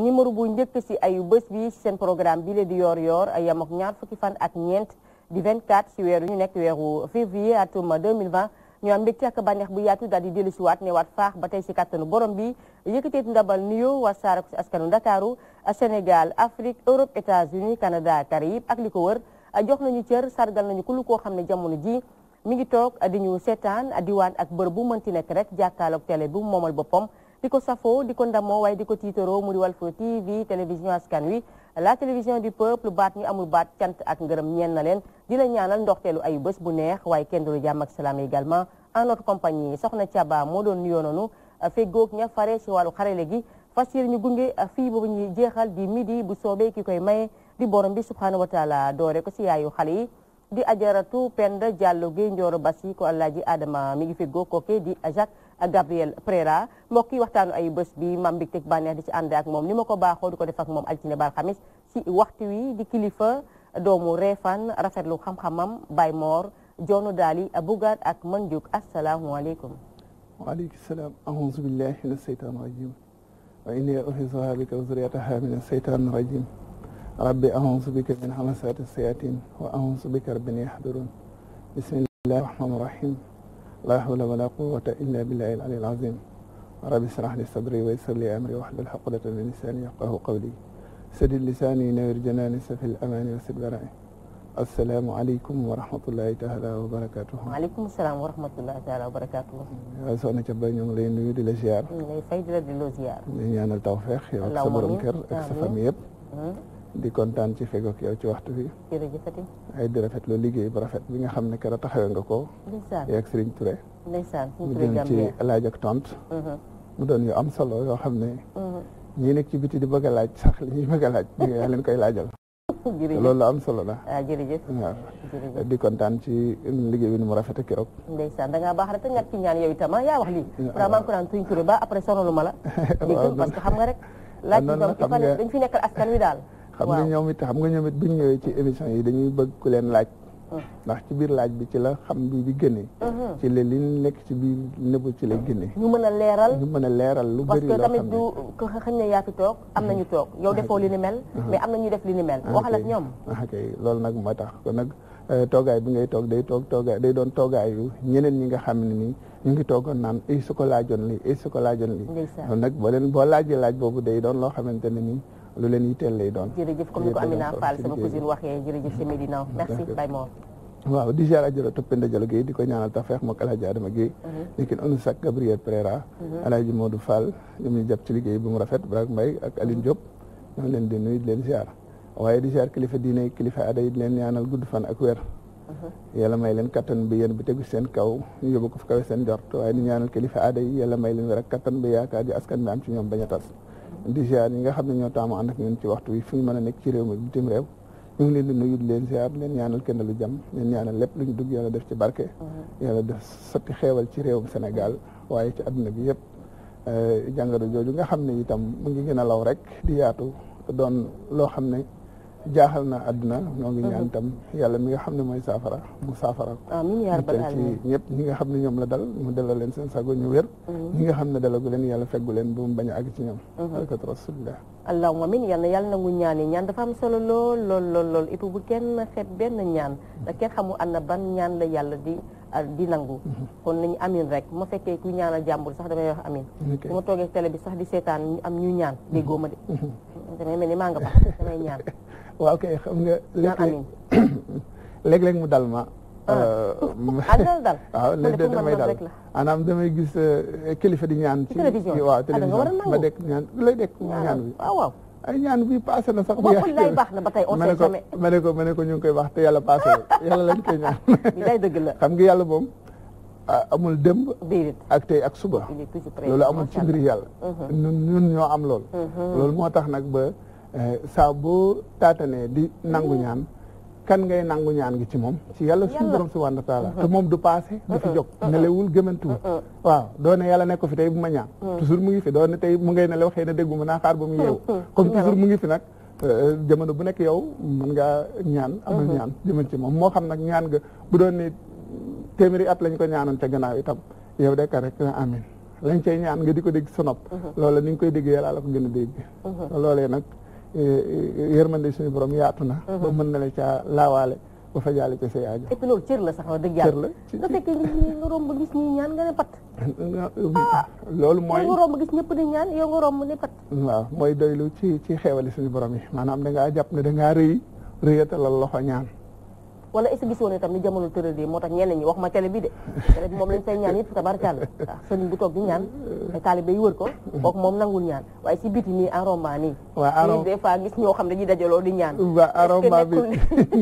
numéro bu njëkk si ayu bés si seen programme bi la di yoor yoor yam ak ñaar fukki fan ak ñeent di 24 si weer yu ñu nekk weeru février atum 2020 ñu am mbégte ak bànneex bu yaatu daal di dellu si waat ne waat faax ba tey si kattanu borom bi yëkkateet ndabal nuyoo wasaare ko si askanu Ndakaaru Sénégal Afrique Europe États-Unis Canada Caraïbes ak li ko wër jox nañu cër sargal nañu ku lu koo xam ne jamono ji mi ngi toog di ñu seetaan diwaan ak bërëb bu mënti nekk rek jàkkaarloog télé bu moomal boppam di ko safoo di ko ndamoo waaye di ko tiitaroo mu di Walf TV télévision askan wi la télévision du peuple baat ñu amul baat cant ak ngërëm ñeen di la ñaanal ndoxteelu ay bés bu neex waaye kenn du jàmm ak salaam également en notre compagnie soxna Thiaba moo doon nuyoo noonu feggoog ña fare si wàllu xarale gi fas yéene ñu gunge fii boobu ñuy jeexal di midi bu soobee ki koy maye di borom bi subhanahu wa taala doore ko si yaayu xale yi di ajaratu Penda Diallo Guèye Ndioro Bassi ko ngi feggoog kooke di Jacques Gabriel Prera mbokk yi waxtaanu ay bés bi mam bi teg bànneex di ci ànd ak moom ni ma ko baaxoo di ko def ak moom altine bar xamis si waxtu wi di kilifa doomu reefan rafetlu xam-xamam Baye Mor Joono Daali Bugaat ak Manjuk asalaamualeykum. waaleykum salaam aouzu billahi mina seytaan rajim wa inni u'iizuha bika wa zurriyataha mina seytaan rajim rabbi aouzu bika min hamasaati sayatin wa aouzu bika rabbi an yahduruun bismillahi rahmaani rahim laa hawla wala quwwata illa billahi al ali al azim rabbi israh li sadri wa yassir li amri wahlul uqdatan min lisani yafqahu qawli sadid lisani nawir janani safil amani wasid barai assalaamu aleykum wa rahmatullahi taala wa barakatuh waaleykum salaam wa rahmatullahi taala wa barakatuh yaa soxna Thiaba ñu ngi lay nuyu di la ziar ñu lay fay di la di la ziar di ñaanal tawfeex yow ak sa borom kër ak sa famille yëpp di kontaan ci fegook yow ci waxtu bi. jërëjëfati. ay di rafet lu liggéey ba rafet bi nga xam ne keroog taxawee nga ko. ndeysaan yow ak Serigne Touré. ndeysaan mu jëm ci laaj ak tontu. Mm-hmm. mu doon yu am solo yoo xam ne. Mm-hmm. ñii nekk ci biti di bëgg laaj sax li ñuy bëgg a laaj yaa leen koy laajal. jërëjëf loolu am solo la. ah jërëjëf. waaw di kontaan ci liggéey bi ni rafet a keroog. ndeysaan da ngaa baax rek te ñàkk ci ñaan yow itam ah, yaa wax lii. waaw maa ngi ko naan suñ turé ba après sonalu ma la. waaw parce que nga rek. laaj bi ah, tam dañ fi nekkal askan wi daal xam nga ñoom it xam nga ñoom bu ñu ñëwee ci émission yi dañuy bëgg ku leen laaj. ndax ci biir laaj bi ci la xam bi bi génne. ci la li nekk ci biir nëbu ci la génne. ñu mën a leeral ñu mën a leeral lu bëri la xam ne parce que tamit du toog am na ñu toog yow defoo li ni mel. mais am na def li ni mel. waxal ak ñoom. ok loolu nag moo tax kon nag eh, toogaay bi ngay toog day toog toogaay day doon toogaayu ñeneen ñi nga xam ne nii. ñu ngi toogoon naan ay eh, su ko laajoon lii ay eh, su ko laajoon lii. nag boo leen boo laajee laaj boobu day doon loo xamante ne nii. lu leen yitteel lay doon. jërëjëf comme ni ko Amina Fall sama cousine waxee jërëjëf si Medina merci Baye Mor. waaw di ziar Adjara Toppé Ndiadialo Guèye di ko ñaanal ta feex El Hadj Adama Guèye. Mhm. nekkin onu sac Gabriel Pereira. El mhm. Hadj Modou Fall ñoom ñu ci liggéey bu mu rafet Brahima may ak Aline Diop ñoo leen di nuyu di leen ziar waaye di ziar kilifa diine kilifa aada di leen ñaanal gudd fan ak weer. Mhm. yàlla may leen kattan bi yéen bi tegu seen kaw ñu yóbbu ko fu kawe seen jort waaye di ñaanal kilifa aada yi yàlla may leen wér ak kattan bi yaakaar ji askan bi am ci ñoom bañ tas. di ziar yi nga xam ne ñoo taamu ànd ak ñun ci waxtu wi fi ñu mën a nekk ci réew mi bitim réew ñu ngi leen di nuyu di leen ziar leen ñaanal kenn lu jàmm leen ñaanal lépp lu ñu dugg yàlla def ci barke mm-hmm. yàlla def sotti xeewal ci réew réewum senegal waaye ci àdduna bi yëpp euh, jàngoro jooju nga xam ne itam mu ngi gën a law rek di yaatu doon loo xam ne jaaxal na àdduna ñoo ngi ñaan mhm. tam yàlla mi nga xam ne mooy saafara mu saafara ko amiin yaa rabbal aalamiin ci ñëpp ñi nga xam ne ñoom la dal mu dalal leen seen sago ñu wér mhm. ñi nga xam ne dalagu leen yàlla feggu leen ba mu bañ a àgg ci ñoom mhm. barakat rasulillah allahumma amiin yàlla yàlla nangu ñaan yi ñaan dafa am solo lool lool lool lool et bu kenn xeeb benn ñaan da kenn xamul ana ban ñaan la yàlla di di nangu kon nañu amin rek ma fekkee ku ñaanal jàmbur sax damay wax amin su ma toogee tele bi sax di seetaan am ñuy ñaan déggoo gooma de mhm. damay mel ni maa nga baax damay ñaan waaw kay xam nga léeg mu dal ma adal ah. euh, ah, dal da léeg-léeg damay a maanaam damay gis euh, kilifa di ñaan ci waaw télévision ah, ma dekk ñaan lay dekk ñaan bi waaw ay ñaan bi passé na sax. bokkul ay baax na ba tey on sait jamais ko ma ne ko ñu ngi koy wax te yàlla passé yàlla lañ koy ñaan. lay dëgg la xam nga yàlla moom amul dem ak tey ak suba. loolu amul ci mbiri yàlla. Mhm. ñun ñoo am lool mhm. loolu moo tax nag ba eh, saa boo taatanee di nangu ñaan. kan ngay nangu ñaan ngi ci moom ci yàlla suñu borom subhanahu wa taala uh-huh. te moom du passé du fi uh-huh. jóg uh-huh. nelewul gëmantuwul waaw doone yàlla nekk fi tey bu ma ñaan toujours mu ngi fi doone tey mu ngay nelew xëy na déggu ma naa xaar ba mu yeewu comme mu ngi fi nag euh, jamono bu nekk yow mën ngaa ñaan amal ñaan jëman ci moom moo xam nag ñaan nga bu doon ni téeméeri at lañ ko ñaanoon ca gannaaw itam yow dekka rek na amin lañ cay ñaan nga di ko dégg sa nopp loola ni koy dégg yàlla la ko gën a dégg loolee nag E, e, e yërmande suñu borom yaatu na. Mhm. ba mën na la caa laawaale ba fajaale ko say aajo. et puis cër la sax wax dëgg cër la ci nga fekkee nit ñi nga gis ñi ñaan nga ne pat. Ah, loolu mooy nga romb ci ci xeewali suñu borom yi maanaam da ngaa jàpp ne da ngaa rëy rëyatalal loxo ñaan. wala est-ce que gisoon ni jamono tëral yi moo tax ñenn ñi wax ma télé bi de télé bi moom lañ fay ñaan yëpp tabarkàll waaw mm. mm. si biti nii en xam dañuy dajaloo di ñaan waaw en rombant bi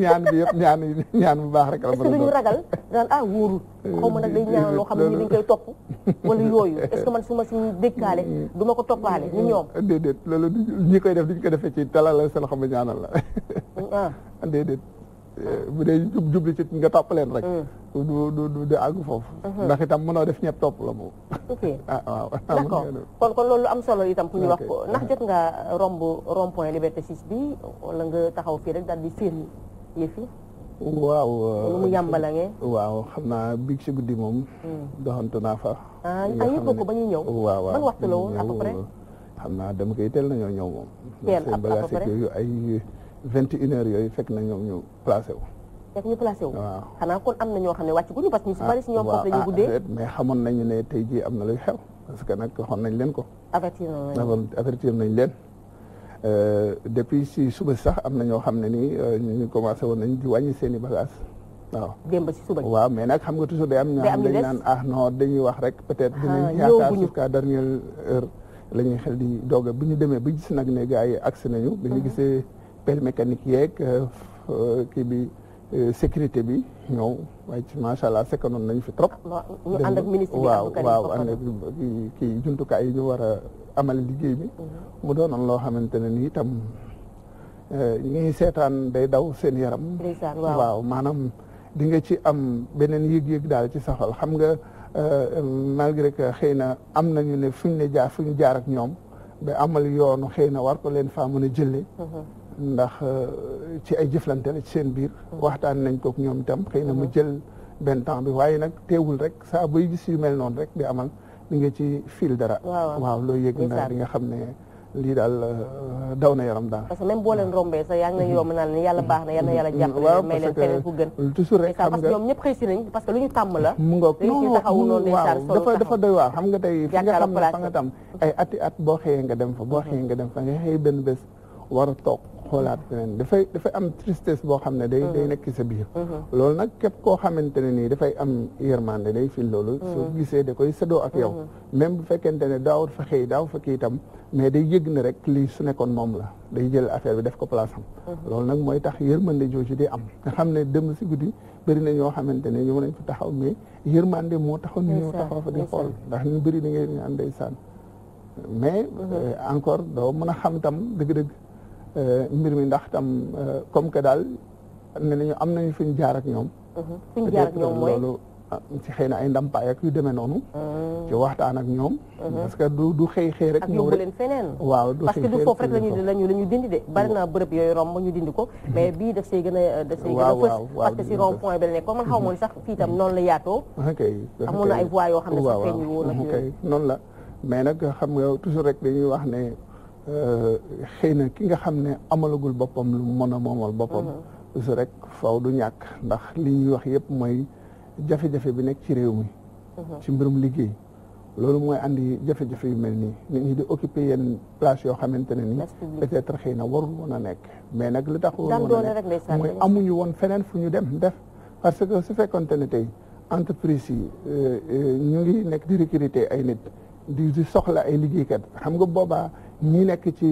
ñaan bu baax rek la est-ce que duñu ragal daan ah, euh, ma loo xam ne ñi dañ koy topp wala yooyu est-ce ma si dëkkaale du ma ko toppaale ni ñoom mm. déedéet koy def duñ ko defee ci talal la seen xam ñaanal la ah. déedéet Euh, bu dee jub jubli ci nga topp leen rek. Mm. du du du du àgg foofu. Mm-hmm. ndax itam mënoo def ñëpp topp la moom. ok ah waaw. d'accord am solo itam ñu wax ko ndax jot nga romb rond point Liberté 6 bi wala nga taxaw fii rek daal di firi yëf yi. waaw. lu mu euh, yàmbala xam naa biig si guddi moom. Mm. doxantu naa fa. ah, ah yëg ko ba ñuy ñëw. waaw waaw man waxtu la woon à peu près. xam naa dama koy teel nañoo ñëw moom. teel à vingt et une heures yooyu fekk na ñoom ñu placé wu. fekk ñu placé wu. waaw xanaa kon am na ñoo xam ne wàcc guñu parce que ñu si si ñoom ah, foofu la ah, ah, xamoon nañu ne tey jii am na luy parce que nag waxoon nañ leen ko. avertir nañ avertir nañ leen. Euh, depuis si suba sax am na ñoo xam ne ni euh, ñu commencé woon nañ di wàññi seen i bagages waaw. démb si suba mais nag xam nga toujours day am. ñoo xam dañu naan ah non dañuy wax rek peut-être. dinañ yaakaar jusqu'à dernière heure la ñuy xel di doog bu ñu demee ba gis nag ne gars yi agsi nañu. bi ñu mm-hmm. gisee. appel mécanique yeeg euh, euh, kii bi euh, sécurité bi ñoom waaye ci macha allah sekkanoon nañu fi trop. ñu ànd ak ministre waaw waaw ànd ak kii jumtukaay yi ñu war a amal liggéey bi. Mhm. mu doonoon loo xamante ne nii itam ñi seetaan day daw seen yaram. waaw maanaam di nga ci am beneen yëg-yëg daal ci saxal xam nga. malgré que xëy na am nañu ne fuñ ne jaar fuñ jaar ak ñoom ba amal yoonu xëy na war ko leen faa mën a jëlee. Mhm. ndax euh, ci ay jëflante la seen biir waxtaan nañ kook ñoom itam xëy na mu mhm. jël benn temps bi waaye nag teewul rek saa booy gis yu mel noonu rek di amal di nga ci fiil dara waaw loolu yëg naa di nga xam ne lii daal euh, daw na yaram daal parce que même boo leen rombee sax yaa ngi leen yomb naan ne yàlla baax na yal na yàlla mhm. jàppale parce que ñoom ñëpp xëy si nañ parce que lu ñu tàmm la dafa doy waaw xam nga tey fi nga xam ne fa nga tam ay ati at boo xëyee nga dem fa boo mhm. xëyee nga dem fa nga xëy benn bes war a toog xoolaat beneen dafay dafay am tristesse boo xam ne day day mm-hmm. nekk sa biir mm-hmm. loolu nag képp koo xamante ne nii dafay am yërmande day fil loolu mm-hmm. soo gisee da koy seddoo ak yow même bu fekkente ne daawut fa xëy daaw fa kii itam mais day yëg ne rek lii su nekkoon moom la day jël affaire bi def ko place am loolu nag mooy tax yërmande jooju di am xam ne dem si guddi bëri na ñoo xamante ne ñëw nañ fa taxaw mais yërmande moo taxaw ñu ñëw taxaw fa di xool ndax ñu bëri da ngay naan ndeysaan mais euh, encore doo mën a xam tam dëgg-dëgg Euh, mbir mi ndax tam euh, comme que daal ne nañu am nañu fuñ ñu jaarak ñoom. fuñ jaar ak ñoom mhm. mooy loolu ah, ci xëy na ay ndampaay ak yu demee noonu. Mm. ci waxtaan ak ñoom. Mhm. parce que du du xëy xëy rek. ak yóbbu leen feneen. waaw du xëy parce que du foofu rek la ñuy la dindi de bari naa bërëb yooyu romb ñu dindi ko. Mhm. mais bii def see gën a daf a fës. parce que si rond point bi la nekk man xaw ma sax fii tam noonu la yaatoo. ok amoon ay voies yoo xam ne sax feeñu woon. ok noonu la mais nag xam nga toujours rek dañuy wax ne. Euh, xëy na ki nga xam ne amalagul boppam lu mën a moomal boppam mhm. su rek faw du ñàkk ndax li ñuy wax yëpp mooy jafe-jafe bi nekk ci réew mi mhm. ci mbirum liggéey loolu mooy andi jafe-jafe yu mel nii nit ñi di occupé yenn place yoo xamante ne nii peut-être xëy na warul woon a nekk mais nag lu tax warul woon a nekk mooy amuñu woon feneen fu ñu dem def parce que su fekkonte ne tey entreprise yi euh, euh, ñu ngi nekk di recruter ay nit di soxla ay liggéeykat xam nga boobaa ñi nekk ci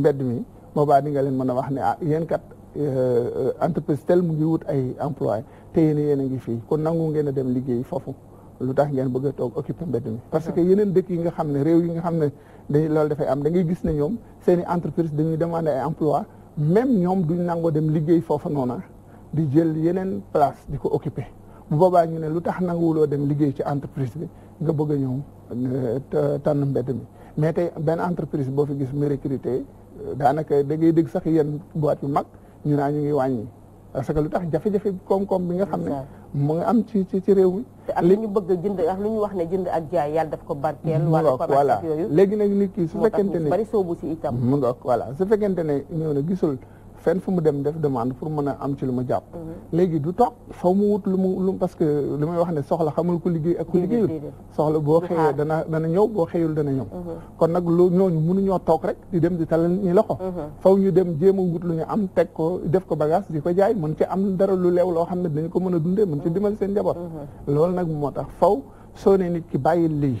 mbedd mi boobaa di nga leen mën a wax ne ah yéen kat euh, entreprise tel mu ngi wut ay emploi te yéen yéen a ngi fii kon nangu ngeen a dem liggéey foofu lu tax ngeen bëgg a toog occupé mbedd mi parce que yeneen dëkk yi nga xam ne réew yi nga xam ne dañuy loolu dafay am da ngay gis ne ñoom seen i entreprise dañuy demandé ay emploi même ñoom duñ nangoo dem liggéey foofa noona di jël yeneen place di ko occupé bu boobaa ñu ne lu tax nanguwuloo dem liggéey ci entreprise bi nga bëgg a ñëw euh, tànn mbedd mi mais tey benn entreprise boo fi gis muy recruter euh, daanaka da ngay dégg sax yenn boîte yu mag ñu naa ñu ngi wàññi parce que lu tax jafe-jafe koom-koom bi nga xam ne mu ngi am ci ci ci réew mi. te ak lu ñu bëgg a jënd ak lu ñu wax ne jënd ak jaay yàlla daf ko barkeel. wala voilà léegi nag nit ki su fekkente ne mu ngoog voilà su fekkente ne ñëw na gisul. fenn fu mu dem def demande pour mën a am ci lu ma jàpp. Mhm. léegi du toog faw mu wut lu mu lu parce que li may wax ne soxla xamul ku liggéey ak liggéeyul. soxla boo xëyee dana dana ñëw boo xëyul dana ñëw. Mhm. kon nag lu ñooñu mënuñoo toog rek di dem di talal ñi loxo. Mhm. faw ñu dem jéem a wut lu ñu am teg ko def ko bagage di ko jaay mën ci am dara lu leew loo xam ne dañu ko mën a dundee mën ci dimbali seen njaboot. loolu nag moo tax faw soo ne nit ki bàyyil lii.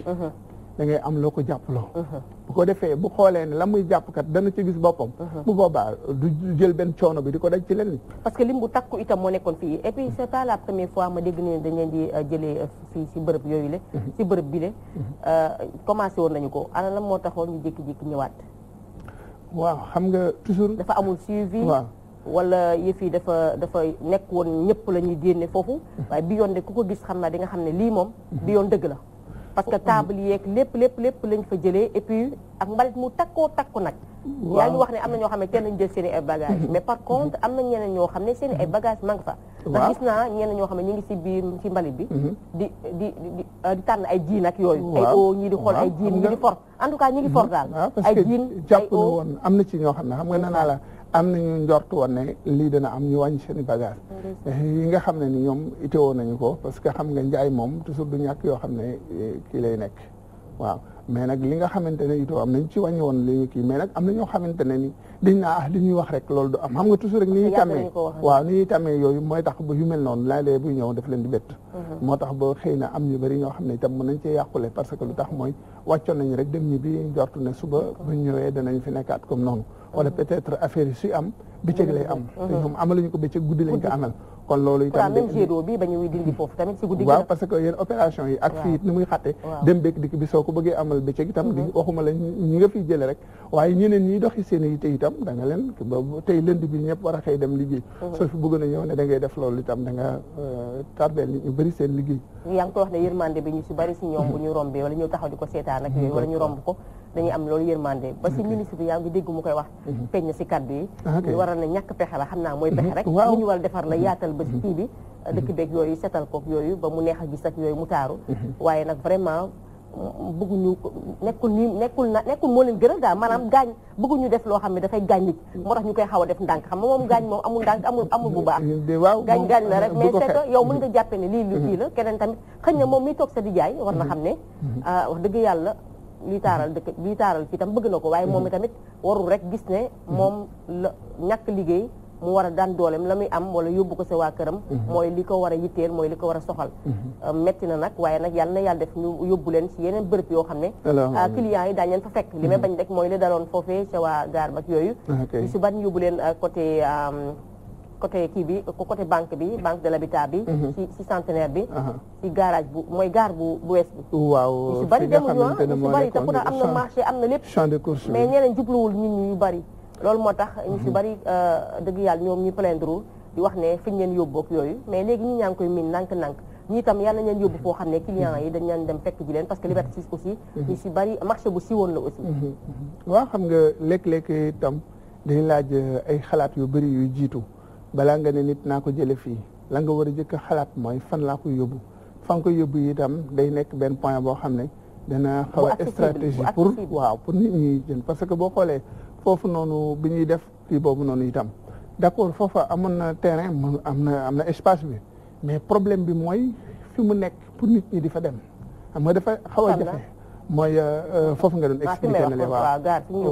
da am loo ko jàppaloo uh-huh. bu ko defee bu xoolee ne la muy jàppkat dana ci gis boppam uh-huh. bu boobaa du jël benn coono bi di ko daj ci lenn parce que lim bu takku itam moo nekkoon fii et puis c'est pas la fois ma dégg ne dañ leen di euh, jëlee euh, fii si bërëb yooyu le si uh-huh. bërëb bi le euh, commencé woon nañu ko ana lan moo taxoon ñu jékki-jékki ñëwaat waaw xam nga toujours dafa amul suivi waaw wala yëf yi dafa dafa nekk woon ñëpp la ñuy génne foofu waaye bi yoon de ku ko gis xam naa di nga xam ne lii moom bi yoon dëgg la parce que table yeek lépp lépp lépp lañ fa jëlee et puis ak mbalit mu takkoo takku nag yaa ñu wax ne am na ñoo xam ne kenn nañ jël seen ay bagage mais par contre am na ñeneen xam ne seen i ay bagage ma nga fa ndax gis naa ñeneen ñoo xam ne ñu ngi si biir si mbalit bi mhm. di di di ah, tànn ay jiin ak yooyu ay o ñii di xool ay jiin ñii di for en tout cas ñi ngi for mhm. daal ah, ay jiin ay o am na ci ñoo xam ne xam nga nee naa la am nañu njort woon ne lii dana am ñu wàññi seen i yi nga xam ne ni ñoom itewoo nañu ko parce que xam nga njaay moom toujours du ñàkk yoo xam ne eh, kii lay nekk waaw mais nag li nga xamante ne itoo am nañ ci wàññi woon li ñu kii mais nag am na ñoo xamante ne ni dañ naa ah li wax rek loolu du am xam nga toujours rek ni ñuy waaw ni ñuy yooyu mooy tax ba yu mel noonu laa lay buy ñëw daf leen di bett mm-hmm. moo tax ba xëy na am ñu bari ñoo xam ne itam mën nañ cee yàqule parce que lu tax mooy wàccoon nañ rek dem ñi bi njort ne suba bu ñëwee danañ fi nekkaat comme noonu wala peut-être affaire yi suy am bëccëg lay am mhm. te ñoom amaluñu ko bëccëg guddi lañ ko amal kon loolu parce que yéen opération yi ak fii ko bëggee amal bëccëg itam di mhm. waxuma la ñi nga fiy jële seen i itam da nga leen tey lënd bi ñëpp war a xëy dem liggéey mhm. soo fi bëggoon a ñëw ne da ngay def loolu itam da nga euh, tardeel ñu bëri seen liggéey yaa ngi wax ne yërmande bi ñu si bëri si ñoom bu ñu rombee wala ñu taxaw di ko seetaan ak yooyu wala ñu romb ko dañuy am loolu yërmande ba si ministre yaa ngi dégg mu koy wax peñ mhm. na si kaddu yi ah, ñu waral na ñàkk pexe la xam naa mooy pexe mhm. rek lu ñu war a defar la mhm. yaatal ba si mu nekkul na nekkul moo leen gënal daal maanaam gaañ bëgguñu def loo xam ne dafay gaañ nit moo ñu koy xaw a def ndànk xam nga moom gaañ moom amul ndànk amul amul bu baax waaw gaañ gaañ la rek mais c'est que yow mën nga jàppe ne lii lu kii la keneen tamit xëy na moom mi toog sa di war na xam ne ah, dëgg yàlla lii taaral dëkk lii taaral fii tam bëgg na ko waaye moom mhm. itamit warul rek gis ne mhm. moom la ñàkk liggéey mu war a daan dooleem la muy am wala yóbbu ko sa waa këram mhm. mooy li ko war a yitteel mooy li ko war a soxal euh, metti na nag waaye nag yàlla na yàlla def ñu yóbbu leen ci yeneen bërëb yoo xam ne euh, clients yi daañu leen fa fekk li may bañ rek mooy li daloon foofee ca waa gaar bak yooyu ah, su ban yóbbu leen euh, côté côté kii bi côté banque bi banque de l'habitat bi. Mhm. ci ci centenaire bi. ci garage bu mooy gare bu bu wees bi. waaw fi nga xamante ah, ne moo nekkoon de am na marché am na lépp. champ de course mais ñeneen jubluwul ñun ñu bari. loolu moo tax ñu si mhm. bari euh, dëgg yàlla ñoom ñu plaindre di wax ne fiñ leen yóbbu yooyu mais léegi ñi ñaa ngi koy miin nànk-nànk ñi itam yàlla nañ yóbbu foo xam ne clients yi dañ leen dem fekk ji leen parce que Liberté 6 aussi. Mhm. ñu si bari marché bu siiwoon la aussi. waaw xam nga léeg-léeg itam dañu laaj euh, ay xalaat yu bari yuy jiitu. balaa nga ne nit naa ko jële fii la nga war a jëkk xalaat mooy fan laa ko yóbbu fan ko yóbbu itam day nekk benn point boo xam ne dana xaw a stratégie pour waaw pour nit ñi jën parce que boo xoolee foofu noonu bi ñuy def kii boobu noonu itam d'accord foofa amoon na terrain am na am na espace bi mais problème bi mooy fi mu nekk pour nit ñi di fa dem xam nga dafa xaw a jafe mooy euh, euh, foofu nga doon expliqué na le waaw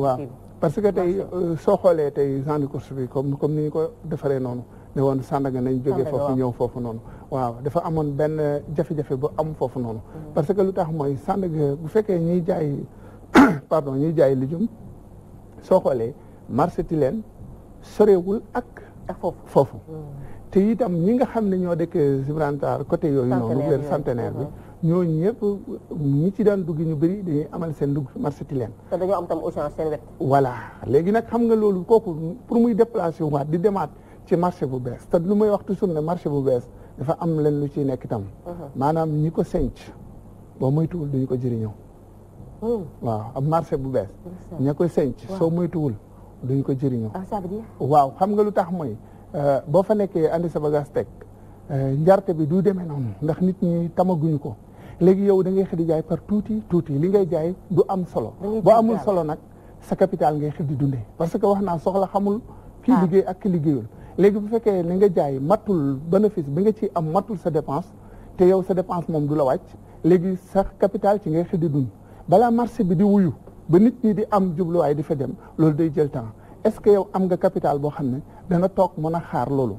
waaw parce que tey euh, soo xoolee tey genre de course bi comme ni ñu ko defaree noonu ne woon Sandaga nañ jógee foofu ñëw foofu noonu waaw dafa amoon benn jafe-jafe bu am foofu noonu mm-hmm. parce que lu tax mooy Sandaga bu fekkee ñuy jaay pardon ñuy jaay lijum soo xoolee marché ti leen sorewul ak foofu foofu mm. te itam ñi nga xam ne ñoo dëkk Gibraltar côté yooyu noonu vers centenaire bi mm-hmm. ñooñu ñëpp ñi ci daan dugg ñu bëri dañuy amal seen dugg marché Tilène. te dañoo am tam Auchan seen wet. voilà léegi nag xam nga loolu kooku pour muy déplacer waat di demaat ci marché bu bees te lu may wax toujours ne marché bu bees dafa am leen lu ciy nekk tam uh-huh. maanaam ñi ko senc boo moytuwul duñu ko jëriñoo. Hmm. waaw ab marché bu bees. ña ko senc soo moytuwul duñ ko jëriñoo. Ah, waaw xam nga lu tax mooy euh, boo fa nekkee andi sa bagage teg. Euh, njarte bi du demee noonu ndax nit ñi tamaguñu ko. léegi yow da ngay xëy di jaay par tuuti tuuti li ngay jaay du am solo boo amul solo nag sa capital ngay xëy di dundee parce que wax naa soxla xamul kii ah. liggéey ak ki liggéeyul léegi bu fekkee li nga jaay mattul bénéfice bi nga ci am mattul sa dépense te yow sa dépense moom du la wàcc léegi sa capital ci ngay xëy di dund balaa marché bi di wuyu ba nit ñi di am jubluwaay di fa dem loolu day jël temps est-ce que yow am nga capital boo xam ne dana toog mën xaar loolu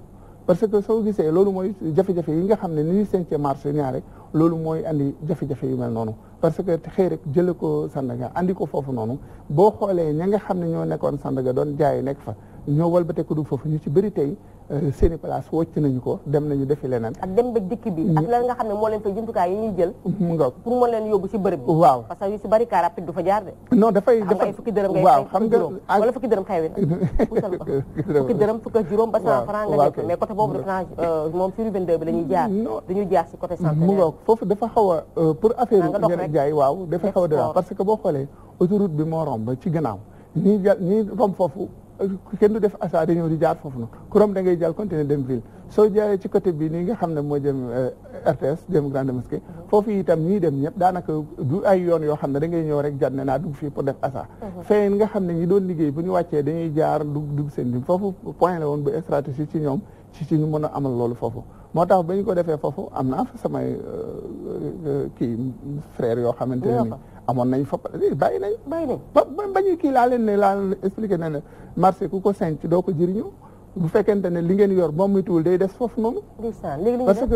parce que soo gisee loolu mooy jafe-jafe yi nga xam ne ni ñuy sàncee marché rek loolu mooy andi jafe-jafe yu mel noonu parce que xëy rek jëlee ko Sandaga andi ko foofu noonu boo xoolee ña nga xam ne ñoo nekkoon Sandaga doon jaay nekk fa. ñoo walbateeku du foofu ñu ci bëri tey euh, seen i place wocc nañu ko dem nañu defi leneen. ak dem ba dikk bi mm-hmm. ak lan nga xam ne moo leen fa jumtukaay yi ñuy jël. mu mm-hmm, nga pour mën leen yóbbu de. non dafay dafa xam nga fukki dërëm ngay waaw euh, dafa foofu dafa xaw a euh, pour affaire ah, jaay waaw dafa xaw a parce que boo xoolee autoroute bi moo romb ci gannaaw ñi romb foofu kenn du def achat di ñëw jaar foofu na kurom da ngay jàll continuer dem ville soo jaaree ci côté bi nii nga xam ne moo jëm euh, RTS jëm Grande Mosquée foofu itam ñii dem ñëpp daanaka du ay yoon yoo xam ne da ngay ñëw rek jàdd ne naa dugg fii pour def achat mhm. feneen nga xam ne ñi doon liggéey bu ñu wàccee dañuy jaar dugg dugg seen dim foofu point la woon bu stratégie ci ñoom ci ci ñu mën a amal loolu foofu moo tax ba ñu ko defee foofu am naa fa samay euh, euh, kii frère yoo xamante ne amoon nañ fa bàyyi nañ bàyyi nañ ba ba ñu kii laa leen ne laa leen expliqué na ne marché ku ko senc doo ko jëriñu bu fekkente ne li ngeen yor moom mituwul day des foofu noonu parce que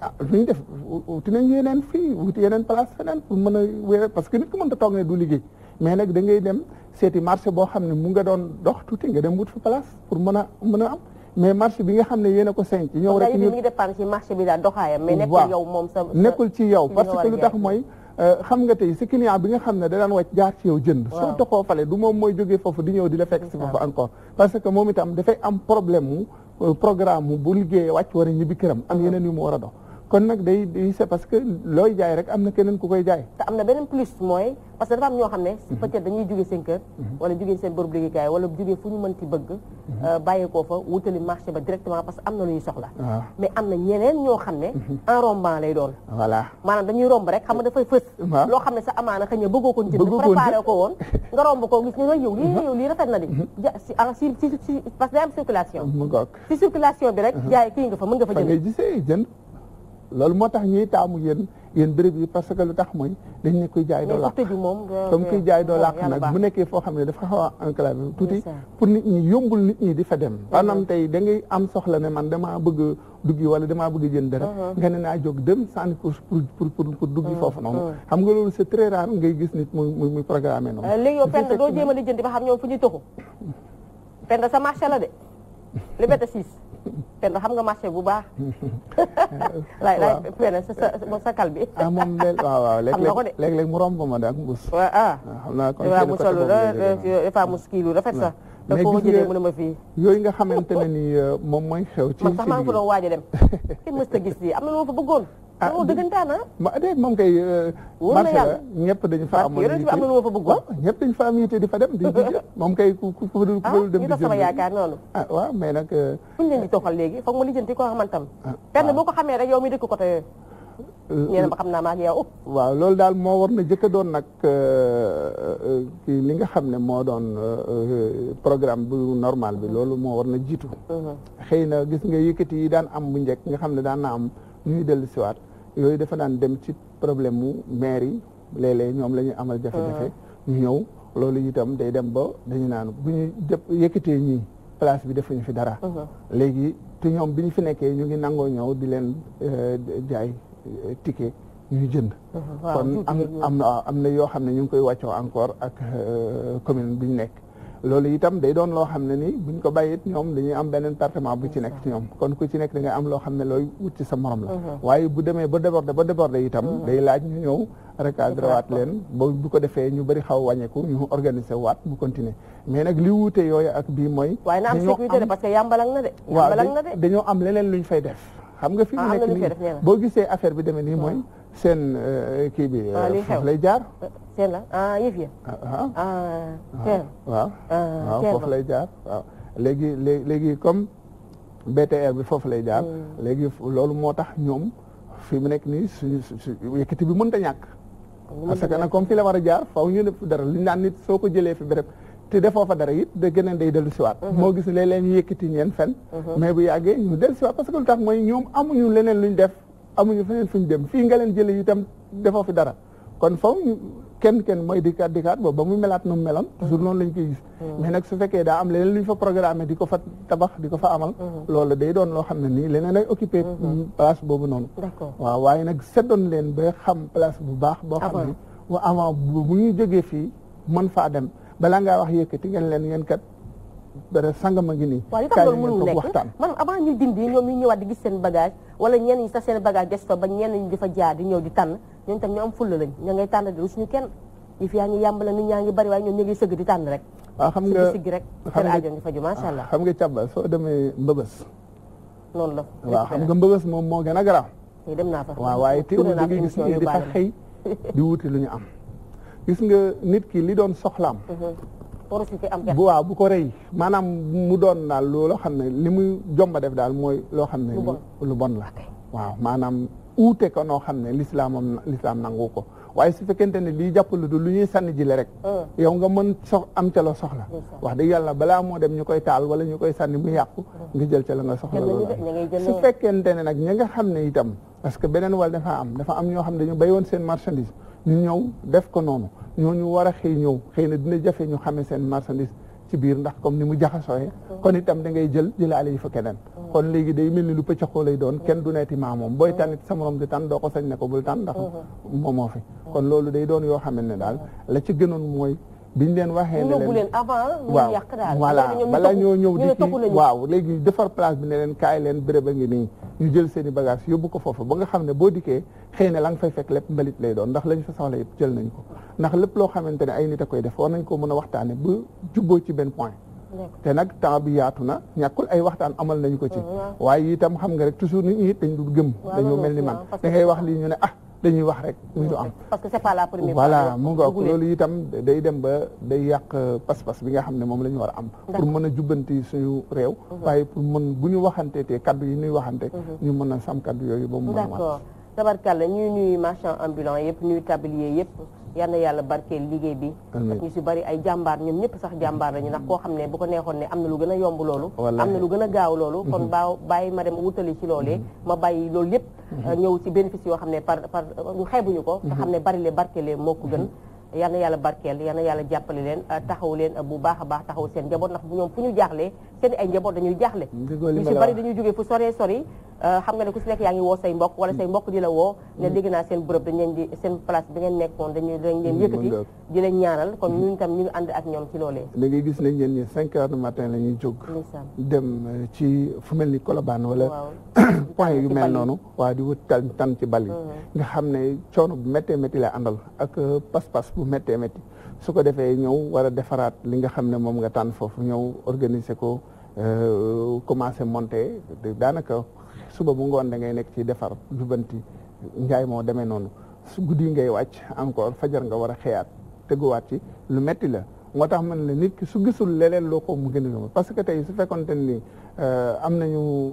ah, lu ñu def wuti nañ yeneen fii wuti yeneen place feneen pour mën a wéere parce que nit ku mën ta toog ne du liggéey mais nag da ngay dem seeti marché boo xam ne mu nga doon dox tuuti nga dem wut fa place pour mën a mën a am mais marché bi nga xam ne yéen a ko senc ñëw rek ñu ngi dépendre ci marché bi daal doxaayam mais nekkul yow moom sa nekkul ci yow parce que lu tax mooy xam nga tey si client bi nga xam ne da daan wàcc jaar ci yow jënd soo toxoo fale du moom mooy jógee foofu di ñëw di la fekk si foofu encore parce que moom itam dafay am problème mu euh, programme bu liggéey wàcc war a ñibbi këram am yeneen yu mu war a dox kon nag day day c'est parce que looy jaay rek am na keneen ku koy jaay. te am na beneen plus mooy parce que dafa am ñoo xam ne. Mhm. peut-être dañuy jóge seen kër. Mhm. wala jóge seen bërëb liggéeykaay wala jóge fu ñu mënti bëgg. Mhm. Euh, bàyyeekoo fa wutali marché ba parce que am na lu ñuy soxla. Ah. mais am na ñeneen ñoo xam ne. en rombant lay doon. voilà maanaam dañuy romb rek xam nga dafay fës. loo xam ne sa amaana xëy ko. bëggoo ko jënd préparé ko woon. nga si circulation bi rek. jaay kii nga fa mën nga fa jënd loolu moo tax ñuy taamu yéen yéen béréb yi parce que lu tax mooy dañ ne kuy jaay doo làq comme kuy jaay doo làq nag bu nekkee foo xam ne dafa xaw a enclavé tuuti pour nit ñi yombul nit ñi di fa dem mm-hmm. maanaam tey da ngay am soxla ne man damaa bëgg duggi wala damaa bëgg jënd dara mm-hmm. nga ne naa jóg dem sànni pour pour pour pour duggi mm-hmm. foofu noonu xam nga loolu c'est très ngay gis nit muy muy programmé noonu euh, léegi yow fenn doo jéem a lijjanti ba xam ñoom fu ñuy toxu fenn sa marché la de Liberté 6. Penda xam nga marché bu baax. lay lay Penda sa sa sa kal bi. Ah, moom léeg waaw waaw léeg-léeg léeg-léeg mu romb ma daal mbuus. waaw ah. ah xam naa ko kenn ku solo des fois mu ski a ma fii yooyu nga xamante ne ni euh, moom mooy xew. ci ci biir man sax maa waaj dem. kenn mës a gis lii am na lu fa bëggoon. ah oh, dëggantaan ah. ma déedéet moom kay. Euh, wóor na yàlla ñëpp dañu fa amoon yite am na lu ma fa oh, ñëpp dañu fa am yite di fa dem. di di moom kay ku ku fa dul ah, dem di jël sama yaakaar noonu. ah waaw mais nag. Euh, fu ñu leen di xamantam. ah kenn boo ko xamee rek yow mi dëkk côté yooyu. ñeneen euh, ba xam naa maa ngi yow. waaw loolu daal moo war na jëkk a doon nag li nga xam ne moo doon programme bu normal bi mm-hmm. loolu moo war na jiitu. Mm-hmm. xëy na gis nga yëkkati yi daan am bu njëkk nga xam ne daan na am ñuy dellu siwaat yooyu dafa daan dem ci problème mu maire yi léeg ñoom la ñuy amal jafe-jafe ah. ñu ñëw loolu itam day dem ba dañu naan bu ñu jëpp yëkkatee ñii place bi defuñu fi dara ah. léegi te ñoom bi ñu fi nekkee ñu ngi nangoo ñëw di leen eh, jaay eh, ticket ñu jënd ah. kon am am na am na yoo xam ne ñu ngi koy wàccoo encore ak eh, commune bi ñu nekk loolu itam day doon loo xam ne ni buñ ko bàyyit ñoom dañuy am beneen département bu ci nekk ci ñoom kon ku ci nekk da ngay am loo xam ne looy wut ci sa morom la mhm. waaye bu demee ba débordé ba débordé itam mhm. day laaj ñu ñëw recadré waat leen boo bu ko defee ñu bëri xaw wàññeeku ñu organisé waat mu continuer mais nag li wuute yooyu ak bii mooy waaye na am sécurité de parce que yàmbalang na de yàmbalang na de dañoo am leneen fay def xam nga fi mu ah, nekk nii boo gisee affaire bi demee nii hmm. mooy seen euh, kii bi ah, euh, foofu lay jaar euh, seen la ah, ah, ah. waaw waaw foofu lay jaar waaw léegi léegi comme BTR bi foofu lay jaar. Hmm. léegi loolu moo tax ñoom fi mu nekk nii suñu suñu yëkkati bi mënut a ñàkk. parce que nag comme fi la war a jaar faw ñu ne dara li ñu naan nit soo ko jëlee fi béréb te defoo fa dara day dellu siwaat hmm. moo gis léeg-léeg ñu yëkkati ñeen fen hmm. mais bu yàggee ñu dellu siwaat parce que lu tax mooy ñoom amuñu leneen luñ def amuñu feneen fuñ dem fii nga leen jëlee tam defoo fi dara kon faw kenn kenn mooy dikkaat dikkaat boobu ba muy melaat nu mu meloon mm-hmm. toujours noonu lañ koy gis mm-hmm. mais nag su fekkee daa am leneen lu ñu fa programmé di ko fa tabax di ko fa amal mm-hmm. loolu day doon loo xam ne nii leneen lay occupé place boobu noonu waaw waaye nag seddoon leen ba xam place bu baax boo xam ne wa avant bu ñuy jógee fii mën faa dem balaa ngaa wax yëkkati ngeen leen ngeen kat dara sangama ngi nii waaw li tax loolu mënul nekk maanaam avant ñuy dindi ñoom ñu ñëwaat di gis see bagage wala ñenn ñi sax seen bagage des ba ñenn ñi jaar di ñëw di tànn ñooñu tam ñu am fulla lañ ña ngay tànn di suñu kenn yi fi yaa ngi yàmbale nit ñaa ngi bari waaye ñoom ñu sëgg di tànn rek waaw xam nga siggi rek seen aajo ngi faju macha allah ah, xam nga càbbal soo demee mbëbës noonu la waaw xam nga mbëbës moom moo gën a garaaw dem naa fa waaw waaye teewul da ngay gis ñi di fa wuti lu ñu am gis nga nit ki li doon soxlaam mhm. bu waaw bu ko rëy maanaam mu doon daal looloo xam ne li muy jomba def daal mooy loo xam ne lu bon la waaw maanaam uute ko noo xam ne lislaamam lislaam nangu ko waaye su fekkente ne lii jàppalu du lu ñuy sànni ji la rek ah. yow nga mën sox am ca la soxla wax dëgg yàlla balaa moo dem ñu koy taal wala ñu koy sànni mu yàqu ah. nga jël ca la nga soxla loolu su fekkente ne nag ñi nga xam ne itam parce que beneen wàll dafa am dafa am ñoo xam ne dañu béyoon seen marchandise ñu ñëw def ko noonu ñooñu war a xëy ñëw xëy na dina jafe ñu xamee seen marchandise ci biir ndax comme ni mu jaxasooyee oh. kon itam da ngay jël jëlaale yi fa keneen oh. kon léegi day mel ni lu pëccëxoo lay doon kenn du neeti maa moom oh. booy tànnit sa morom di tànn doo ko sañ ne ko bul tànn ndax moomoo fi kon loolu day doon yoo xamante ne daal la ci gënoon mooy biñ leen waxee ne leen waaw voilà balaa ñoo ñëw di kii waaw léegi defar place bi ne leen kaay leen béréb a ngi nii ñu jël seeni i yóbbu ko foofu ba nga xam ne boo dikkee xëy na la nga fekk lépp mbalit lay doon ndax lañ fa soxla yëpp jël nañ ko ndax lépp loo xamante ne ay nit a koy def war nañ ko mën a waxtaane ba jubboo ci benn point te nag temps bi yaatu na ñàkkul ay waxtaan amal nañ ko ci mm-hmm. waaye itam xam nga rek toujours nit ñi it dañ dul gëm mel ni man da ngay wax lii ñu ne ah dañuy wax rek muy du am. parce que c'est pas la première fois voilà mu nga ko loolu itam day dem ba day yàq pas-pas bi nga xam ne moom la ñu war am. pour mën a jubbanti suñu réew. Mhm. waaye pour mën bu ñu waxante te kaddu yi ñuy waxante. Mhm. ñu mën a sam kaddu yooyu ba mu mën a. d'accord tabarkalla ñuy nuyu marchand ambulant yëpp nuyu tablier yëpp. yal yàlla barkeel liggéey bi ak ñu si bari ay jàmbaar ñoom ñëpp sax jàmbaar lañu ndax koo xam ne bu ko neexoon ne am na lu gën a yomb loolu am na lu gën a gaaw loolu kon mhm. baa bàyyi ma dem wutali ci loolee mhm. ma bàyyi loolu yëpp mhm. ñëw si bénéfice yoo xam ne par par ñu xeebuñu ko nga xam ne bari barke lee moo ko gën yal na yàlla barkeel yal na yàlla jàppale leen euh, taxaw leen euh, bu baax baax taxaw seen njaboot ndax ñoom fu ñu jaaxlee seen ay njaboot dañuy jaaxle euh, nga la woo ne dégg naa seen bërëb dañ leen di seen place bi ngeen nekkoon dañu dañ leen yëkkati di leen ñaanal kon ñun tam ñu ngi ànd ak ñoom ci loolee da ngay gis ne ñeen ñi la ñuy jóg dem ci fu mel mm-hmm. xam ne coono bu méttee métti la àndal ak pas-pas bu méttee métti su ko defee ñëw war a defaraat li nga xam ne moom nga tànn foofu ñëw organiser ko euh, commencé monter daanaka suba bu ngoon da ngay nekk ci defar jubanti njaay moo demee noonu su guddi ngay wàcc encore fajar nga war a xëyaat teguwaat ci lu metti la moo tax man la nit ki su gisul leneen loo ko mu gën a parce que tey su fekkonte ni euh, am nañu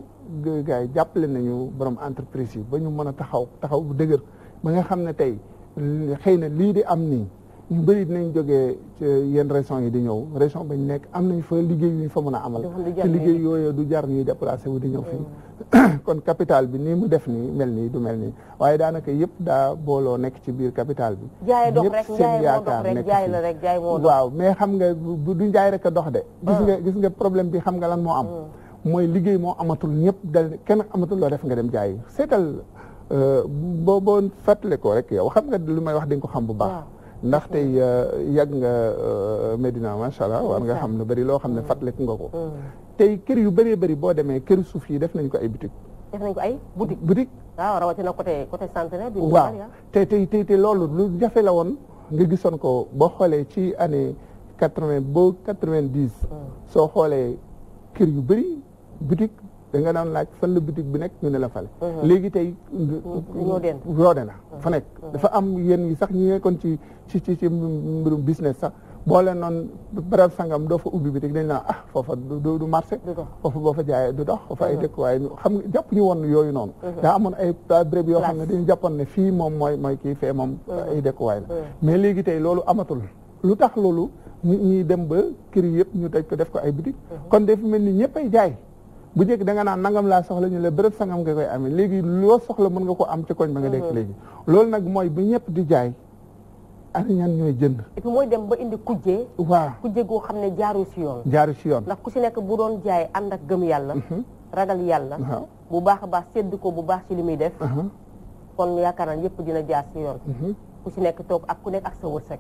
gars yi jàppale nañu borom entreprise yi ba ñu mën a taxaw taxaw bu dëgër ba nga xam ne tey Euh, xëy na lii di am nii ñu bëri jóge jógee yenn régions yi di ñëw région bañ nekk am nañ fa liggéey yu ñu fa mën a amal te liggéey yooyu du jar ñuy depp wu di ñëw fii mm. kon capital bi nii mu def nii mel nii du mel nii waaye daanaka yëpp daa booloo nekk ci biir capital bi ñëpp seen yaakaar nekk waaw mais xam nga du njaay rek dox de gis mm. nga gis nga problème bi xam nga lan moo am mm. mooy liggéey moo amatul ñëpp dal kenn amatul loo def nga dem jaay seetal Euh, boo boo fàttale ko rek yow xam nga lu may wax dañ ko xam bu baax ndax tey euh, yàgg nga euh, Medina macha allah war nga xam lu bari loo xam ne mm. fàttaliku nga ko mm. tey kër yu bëree bëri boo demee kër suuf yi def nañ ko ay boutique def ay boutique boutique waaw rawatina côté côté bi waaw te ah. tey tey te loolu lu jafe la woon nga gisoon ko boo xoolee ci année quatre vingt ba quatre mm. soo xoolee kër yu bëri boutique da nga daan laaj fan la boutique bi nekk ñu ne la fale mhm. léegi tey roode na fa nekk mhm. dafa am yéen yi sax ñi nekkoon ci ci ci ci mbirum business sax boo leen noonu barab sangam doo fa ubbi boutique dañ naan ah foofa du du marché foofu boo du dox foofa ay mhm. dëkkuwaay xam nga jàpp ñu yooyu noonu daa amoon ay béréb yoo xam ne dañu jàppoon ne fii moom mooy mooy kii fee moom ay dëkkuwaay la mais léegi tey loolu amatul lu tax loolu ñi dem ba kër yëpp ñu daj ko def ko ay boutique kon def mel ni ñëpp ay jaay bu njëkk da nga naan nangam laa soxla ñu la bërëb sangam nga koy amee léegi loo soxla mën nga ko am ci koñ ba nga dekk mhm. léegi loolu nag mooy bi ñëpp di jaay ana ñan ñooy jënd et mooy dem ba indi kujje waaw kujje goo xam ne jaaru si yoon si yoon ndax ku si nekk bu doon jaay ànd ak gëm yàlla mhm. ragal yàlla bu baax a baax sédd ko bu baax ci li muy def mhm. kon yaakaar naa yëpp dina jaar si yoon ku si nekk toog ak ku nekk ak sa wërsëg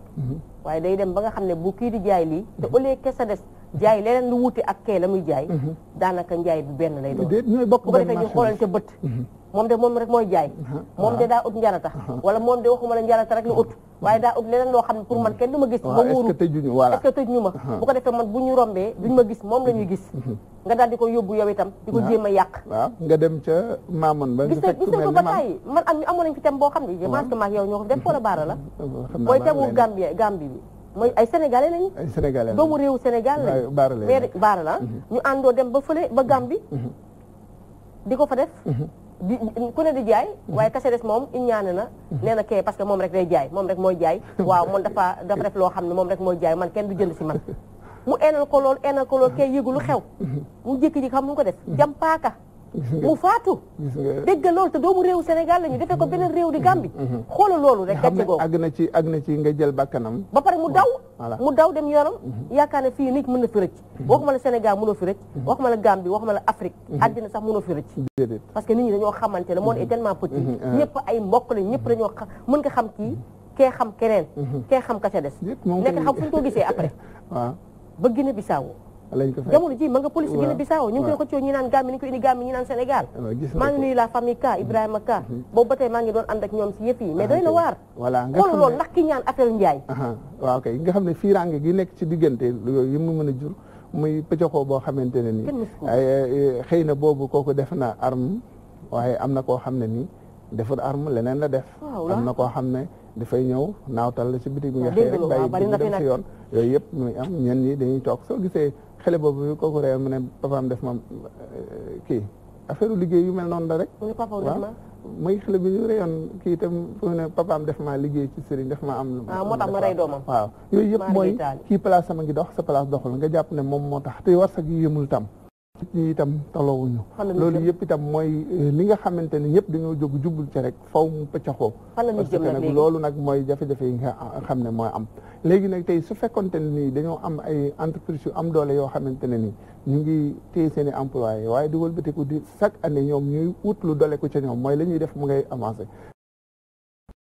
waaye day dem ba nga xam ne bu kii di jaay lii te au lieu que des jaay leneen lu wuute ak kee la muy jaay mhm. daanaka njaay bi benn lay doon bu ko defee ñu xoolante bët mhm. moom de moom rek mooy jaay moom de daa ut njarata wala moom de waxuma la njarata rek la ut waaye daa ut leneen loo xam ne pour man kenn du ma gis ma muuru est-ce que ñu ma bu ko defee man bu ma gis moom la ñuy mhm. gis nga daal di ko yóbbu yow itam di ko jéem a yàq waaw nga dem ca maamoon ba gis nga ko ba tàyyi man am ñu amoon nañ fi tam boo xam ne je pense que maag yow ñoo ko def baara la booy tamu Gambie Gambie bi mooy ay sénégalais lañu. ay sénégalais doomu réewu Sénégal lañu. baara la mais baara la ñu àndoo dem ba fële ba Gambie. Mhm. di ko fa def. Mhm. di ku ne di jaay. Mhm. waaye kese des moom ñaan na. nee na kee parce que moom rek day jaay moom rek mooy jaay. waaw man dafa dafa def loo xam ne moom rek mooy jaay man kenn du jënd si man. mu eenal ko lool eenal ko lool kee yëgu xew. mu jékki-jékki xam nu mu ko def jam paaka. mu faatu dégg loolu te doomu réew Sénégal lañu defee ko beneen réew di Gambie xoola loolu rek gàcce googu àgg na ci àgg na ci nga jël bakkanam ba pare mu daw mu daw dem yoonam yaakaar fii nit mën na fi rëcc mhm. waxuma la Sénégal mënoo fi rëcc mhm. waxuma la Gambie waxuma la Afrique mhm. àddina sax mënoo fi rëcc parce que nit ñi dañoo xamante ne monde est tellement petit ñëpp ay mbokk lañ ñëpp dañoo xam mën nga xam kii kee xam keneen kee xam ka ca des nekk xam fu ñu ko gisee après waaw ba Guinée Bissau lañ ko fay jamono ji ma nga police Guinée Bissau ñu ngi koy xëccoo ñi naan Gambie ni ko indi Gambie ñi naan Sénégal maa ngi nuyu la famille Ka Ibrahima Ka mhm. boobu ba tey maa ngi doon ànd ak ñoom si yëf yi mais ah, na waar voilà xool loolu ndax ki Njaay waaw kay nga xam ne fiiraange gi nekk ci diggante yi mu mën a jur muy pëccoxoo boo xamante ne ni xëy na boobu kooku def na arme waaye am na koo xam ne nii deful arme leneen la def am na koo xam ne dafay ñëw naawtal la ci bitig bi nga xëy rek bàyyi dem si yoon yooy yëpp muy am ñenn ñi dañuy toog soo xale boobu kooku reyal mu ne papaam def ma eh, kii affaire liggéey yu mel noonu la rek. waaw muy xale bi ñu reyoon kii itam fu ne papaam def maa liggéey ci sëriñ def ma am. ah moo tax ma rey doomam. waaw yooyu yëpp mooy kii place sama ngi dox sa place doxul nga jàpp ne moom moo tax te war sa gi yëmul tam. nit ñi itam talawuñu loolu yëpp itam mooy eh, li nga xamante ne ñëpp dañoo jóg jublu ci rek faw mu pëccaxoo parce que nag loolu nag mooy jafe-jafe yi nga xam ne mooy am léegi nag tey su fekkonte ne nii dañoo am ay entreprise yu am doole yoo xamante ne nii ñu ngi téye seen i employé waaye di wëlbatiku di chaque année ñoom ñuy ut lu dole ko ca ñoom mooy la ñuy def mu ngay avancé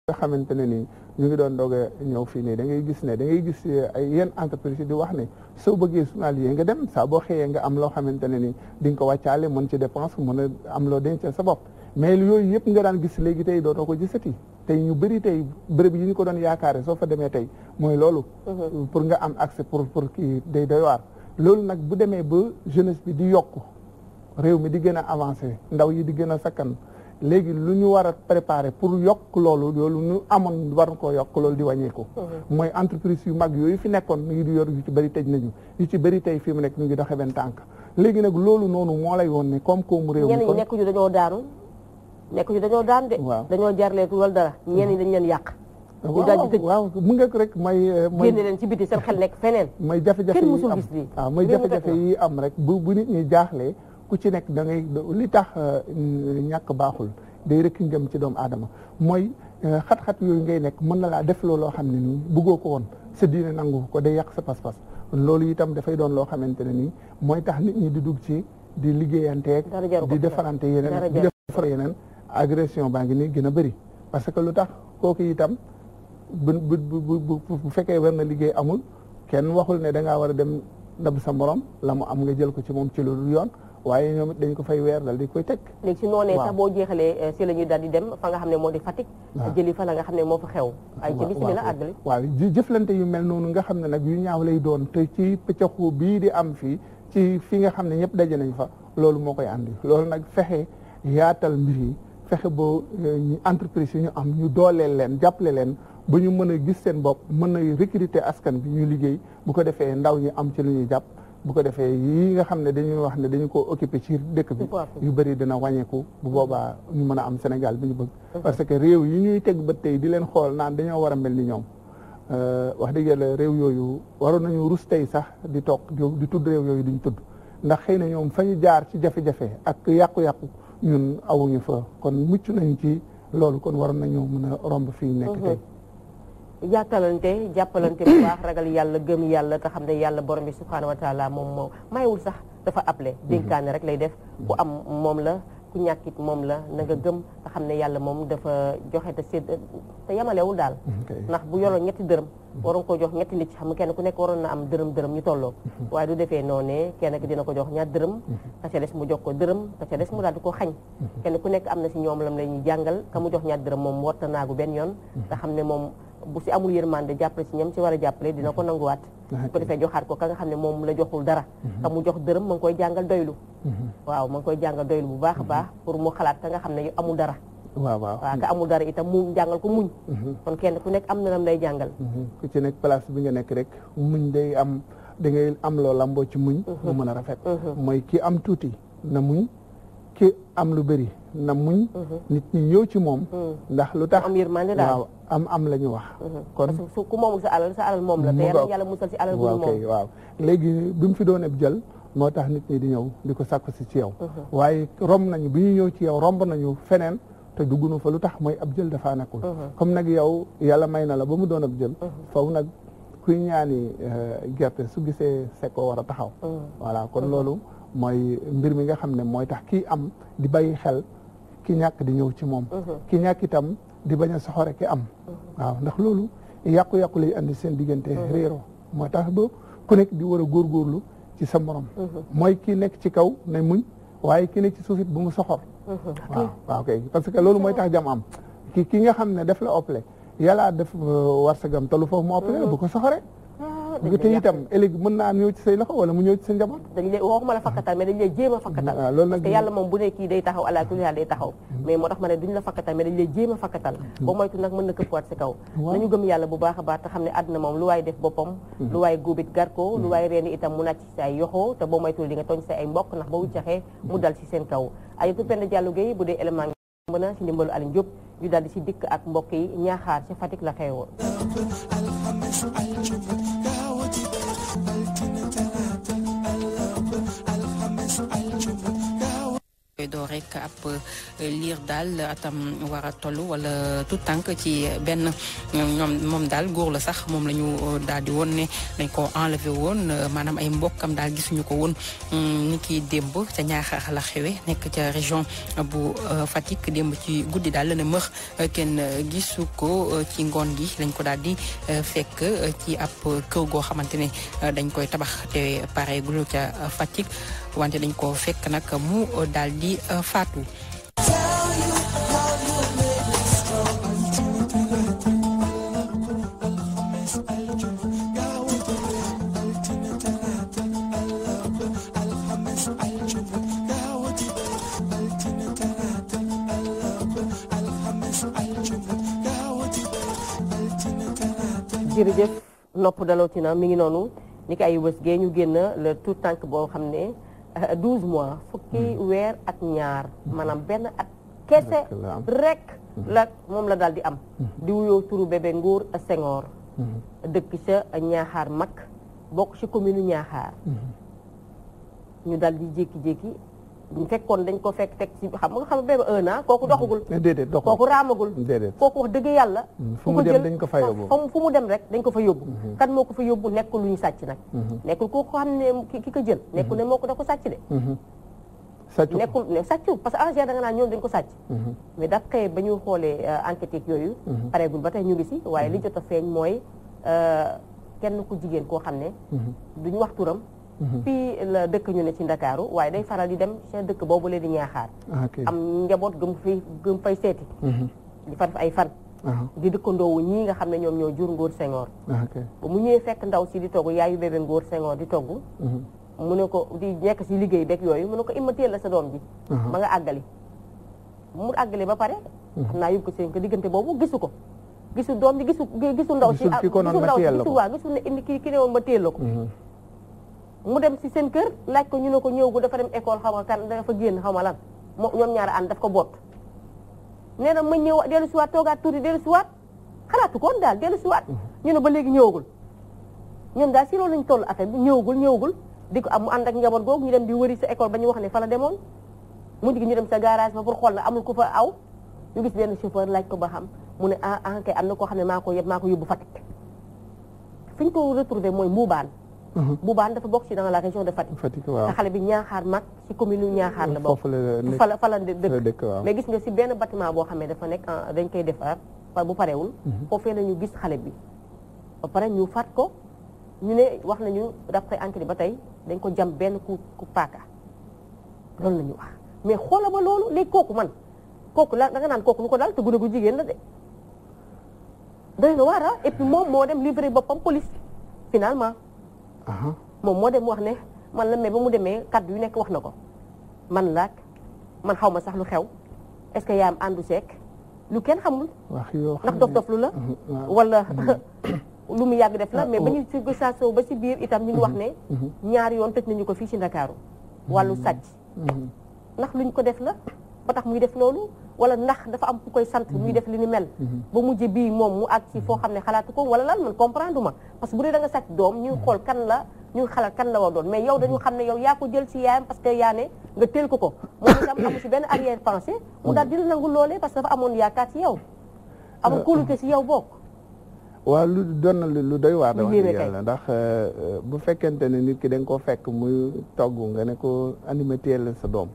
nga xamante ne nii ñu ngi doon doge ñëw fii nii da ngay gis ne da ngay gis eh, ay yenn entreprise di wax ne soo bëggee journalier nga dem saa boo xëyee nga am loo xamante ne ni di nga ko wàccaale mën ci dépense mën a am loo denc sa bopp mais yooyu yëpp nga daan gis léegi tey dootoo ko gisati tey ñu bëri tey bërëb yi ñu ko doon yaakaare soo fa demee tey mooy loolu mhm. pour nga am accès pour pour kii day doy waar loolu nag bu demee ba jeunesse bi di yokk réew mi di gën a avancé ndaw yi di gën a sakkan léegi lu ñu war a préparer pour yokk loolu loolu ñu amoon war ko yokk loolu di wàññeeku. Mhm. mooy entreprise yu mag yooyu fi nekkoon ñu ngi yor yu ci bari tëj nañu yu ci bëri tey fi mu nekk ñu ngi doxee benn tànk léegi nag loolu noonu moo lay woon ne comme koomu réew mi. ñenn nekkuñu dañoo daanu ñu dañoo daan de. waaw dañoo jarleetu wala dara mhm. ñenn ñi dañ leen yàq. ñu daal di mu nga rek may. Eh, may génne leen ci biti seen xel nekk feneen. may jafe-jafe yi am kenn musul gis lii. waaw jafe am rek bu bu nit ñi jaaxle ku ci nekk da ngay li tax euh, ñàkk baaxul day rëkk ngëm ci doom aadama mooy euh, xat-xat yooyu ngay nekk mën na laa def looloo xam ne nii buggoo ko woon sa diine nangu ko day yàq sa pas-pas loolu itam dafay doon loo xamante ne nii mooy tax nit ñi di dugg ci di liggéeyanteeg di defarante yeneen di defar yeneen agression baa ngi nii gën a bëri parce que lu tax kooku itam bu bu bu fekkee war na liggéey amul kenn waxul ne da ngaa war a dem ndab sa morom la mu am nga jël ko ci moom ci loolu yoon waaye ñoom dañ ko fay weer dal di koy teg léegi si noonee sax boo jeexalee eh, si la ñuy daal di dem fa nga xam ne moo di a jëli fa la nga xam ne moo fa xew ay ci bismillah àggali waaw jëflante yu mel noonu nga xam ne nag yu ñaaw lay doon te ci pëccaxu bii di am fii ci fi nga xam ne ñëpp daje nañ fa loolu moo koy andi loolu nag fexe yaatal mbir yi fexe ba eh, entreprise yi ñu am ñu dooleel leen jàppale leen bu ñu mën a gis seen bopp mën a recruter askan bi ñuy liggéey bu ko defee ndaw ñi am ci lu ñuy jàpp bu ko defee yi nga xam ne dañuy wax ne dañu ko occupé ci dëkk bi yu bëri dina wàññeeku bu boobaa ñu mën a am Sénégal bi ñu bëgg parce que réew yi ñuy teg ba tey di leen xool naan dañoo war a mel ni ñoom euh, wax dëgg yàlla réew yooyu waroon nañu rus tey sax di toog di tudd réew yooyu duñu tudd ndax xëy na ñoom fa ñu jaar ci jafe-jafe ak yàqu-yàqu ñun awuñu fa kon mucc nañu ci loolu kon waroon nañoo mën a romb fii nekk tey yaatalante jàppalante bu baax ragal yàlla gëm yàlla te xam ne yàlla borom bi subhaanahu wa taala moom moo mayewul sax dafa appelé mhm. dénkaane rek lay def ku am moom la ku ñàkkit moom la na nga mhm. gëm te xam ne yàlla moom dafa joxe te sédd te yamalewul daal ndax bu yoroon ñetti dërëm mhm. waroon ko jox ñetti nit ci xam kenn ku nekk waroon na am dërëm dërëm ñu tolloo waaye du defee noonee ki dina ko jox ñaar dërëm ka ca des mu jox ko dërëm ka ca des mu daal di ko xañ kenn ku nekk am na si ñoom lam la ñuy jàngal ka mu jox ñaar dërëm moom warta naagu benn yoon te xam ne moom bu si amul yërmande jàppale si ñam si war a jàppale dina ko nanguwaat bu ko defee joxaat ko ka nga xam ne moom la joxul dara ka mhm. mu jox dërëm ma ngi koy jàngal doylu mhm. waaw ma ngi koy jàngal doylu bu baax a mhm. baax pour mu xalaat ka nga xam ne amul dara waaw waaw waaw ka amul dara itam mu jàngal ko muñ kon kenn ku nekk am na lam lay jàngal ku ci nekk place bi nga nekk rek muñ day am da ngay am loo lamboo ci muñ mu mën a rafet mooy ki am tuuti na muñ ki am lu bëri na muñ mhm. nit ñi ñëw ci moom mhm. ndax lu tax am yërmande daal waaw am am la ñu wax mhm. kon ku moomul sa alal sa alal moom la te yàlla musal ci alal moom ok waaw léegi bi mu fi doon ab jël moo tax nit di ñëw di ko sàkku si ci yow waaye romb nañu bi ñu ñëw ci yow romb nañu feneen te duggunu fa lu tax mooy ab jël dafaa nekkul comme nag yow yàlla may na la ba mu doon ab jël faw nag kuy ñaani eh, gerte su gisee sekoo war a taxaw voilà kon loolu mooy mbir mi nga xam ne mooy tax kii am di bàyyi xel ki ñàkk di ñëw ci moom mhm. ki ñàkk itam di bañ a soxore ki am mhm. waaw ndax loolu yàqu-yàqu lay andi seen diggante mhm. réeroo moo tax ba ku nekk di war a góorgóorlu ci sa morom mooy ki nekk ci kaw na muñ waaye ki nekk ci suufit bu mu soxor waaw waaw kay parce que loolu mooy tax jam am ki ki nga xam ne def la ople euh, yàlla def war sagam tollu foofu mu ople bu ko soxore nga tey itam ëllëg mën naa ñëw ci say loxo wala mu ñëw ci sa njaboot dañ lay waxuma la fakkatal mais dañ lay jéem a fakkatal parce que yàlla moom bu ne kii mm-hmm. a fakkatal mm-hmm. boo moytu nag mën na këppuwaat si kaw nañu gëm yàlla bu baax a baax te xam ne àdduna moom lu waay def boppam mm-hmm. lu waay góobit gar lu waay reeni itam mu nàcc si ay yoxoo te boo moytul di nga tooñ say ay mbokk ndax ba wuccaxee mu dal si seen kaw ay ku pend jàllu gay bu dee élément mën a si ndimbalu Aliou Diop ñu daal doo rek ab euh, liir daal atam war a toll wala tout tànk ci benn ñoom moom daal góor la sax moom la ñu euh, daal di woon ne dañ ko enlevé woon euh, maanaam ay mbokkam daal gisuñu ko woon mm, ni ki démb ca ñaaxaax la xewe nekk ca région bu Fatick démb ci guddi daal la mëx kenn gisu ko ci ngoon gi lañ ko daal di fekk ci ab kër goo xamante ne dañ koy tabax te pareegul ca Fatick wante dañ ko fekk nag mu euh, daal di euh, faatu. jërëjëf nopp dalootina mi ngi noonu ni ko ay wës ñu génn le tout tànk boo xam ne Euh, douze mois fukki hmm. weer ak ñaar maanaam benn at kese rek la hmm. moom la daal di am hmm. di wuyoo turu bébé Ngor Senghor dëkk ca Ñaaxaar mag bokk ci commune Ñaaxaar ñu daal di jékki-jékki fekkoon dañ ko fekk teg ci xam nga xam bébé un an kooku mm. doxagul eh, déedéet doxagul kooku raamagul déedéet kooku wax dëgg yàlla mm, fu mu dem dañ ko fa yóbbu fu mu dem rek dañ ko fa yóbbu mm-hmm. kan moo ko fa yóbbu nekk lu ñu sàcc nag mm-hmm. nekkul koo xam ne ki ko jël mm-hmm. nekkul ne moo ko da ko sàcc de sàccu parce que en général da nga naan ñoom dañ ko sàcc mais da kay ba ñuy xoolee euh, enquête yooyu pareegul ba tey ñu ngi si waaye li jot a feeñ mooy euh, kenn ku jigéen koo xam ne duñ wax turam Mm-hmm. fii la dëkk ñu ne ci ndakaaru waaye day faral di dem seen dëkk boobu leen di ñaaxaar ah, am njaboot gëm fay gëm fay seeti mm-hmm. di far ay fan uh-huh. di dëkkandoowu ñii nga xam ne ñoom ñoo jur ngóor sengoor ah, ba mu ñëwee fekk ndaw si di togg yaayu bébé ngóor sengoor di togg mm-hmm. mu ne ko di nekk si liggéey beeg yooyu mu ne ko immateel la sa doom ji uh-huh. ma nga àggali mu àggale ba pare xam naa yóbbu ko seen ko diggante boobu gisu ko gisu doom ji gisu gisu ndaw si gisu ah, ndaw si gisu waa gisu ne ki ki ne mu dem si seen kër laaj ko ñu ne ko ñëwagul dafa dem école xaw ma kan dafa génn xaw ma lan moo ñoom ñaar ànd daf ko boot nee na ma ñëw dellu siwaat toogaat tuuti dellu siwaat xalaatu koon daal dellu siwaat mm-hmm. ñu ne ba léegi ñëwagul ñoom daal si loolu lañ toll affaire bi ñëwagul ñëwagul di ko am mu ànd ak njaboot googu ñu dem di wëri sa école ba wax ne fa demoon mujj gi ñu dem sa garage ba pour xool na amul ku fa aw ñu gis benn chauffeur laaj ko ba xam mu ne ah ah kay na koo xam ne maa ko yeb maa ko yóbbu Fatick fi ñu ko retrouvé mooy Mbuubaan Uh-huh. Boubane dafa bokk ci dans la région de Fatick. Fatick waaw te xale bi ñaaxaar mag ci commune nu ñaaxaar la bokk. fa la fa dëkk mais gis nga si benn bâtiment boo xam ne dafa nekk ah, dañ koy defar bu parewul. Uh-huh. foofee la ñu gis xale bi. ba pare ñu fat ko ñu ne wax nañu koy enquête ba tey dañ ko jam benn ku ku paaka loolu nañu ñu wax mais xoola ba loolu léegi kooku man kooku la da naan kooku lu ko daal te gune gu jigéen la de. doy na waar ah. et puis moom moo dem livrer boppam police finalement. moom moo dem wax ne man la mais ba mu demee kaddu yu nekk wax na ko man laa man xaw ma sax lu xew est-ce que yaam àndu seek lu kenn xamul ndax dof dof lu la mhm, wala mhm. lu mu yàgg def la ah, mais ba oh. ñu si saasoo ba si biir itam ñu ngi wax mhm. ne ñaari yoon tëj nañu ko fii si Ndakaaru wàllu sàcc ndax luñ ko def la ba tax muy def loolu wala nax dafa am ku koy sant muy def li ni mel mhm. Mhm. ba mujj bii moom mu àgg ci foo xam ne xalaatu ko wala lan man comprendre ma parce que bu dee da nga sàcc doom ñuy mhm. xool kan la ñuy xalaat kan la war doon mais yow dañu xam ne yow yaa ko jël ci yaayam parce que yaa ne nga teel ko ko moom itam amu ci benn arrière pensée mu daal dina nangu loolee parce que dafa amoon yaakaar ci yow amul euh, kóolute si yow bokk waa lu doon na lu doy waar. wax dëgg ndax euh, bu fekkente ne nit ki danga koo fekk muy togg nga ne ko animateur la sa doom.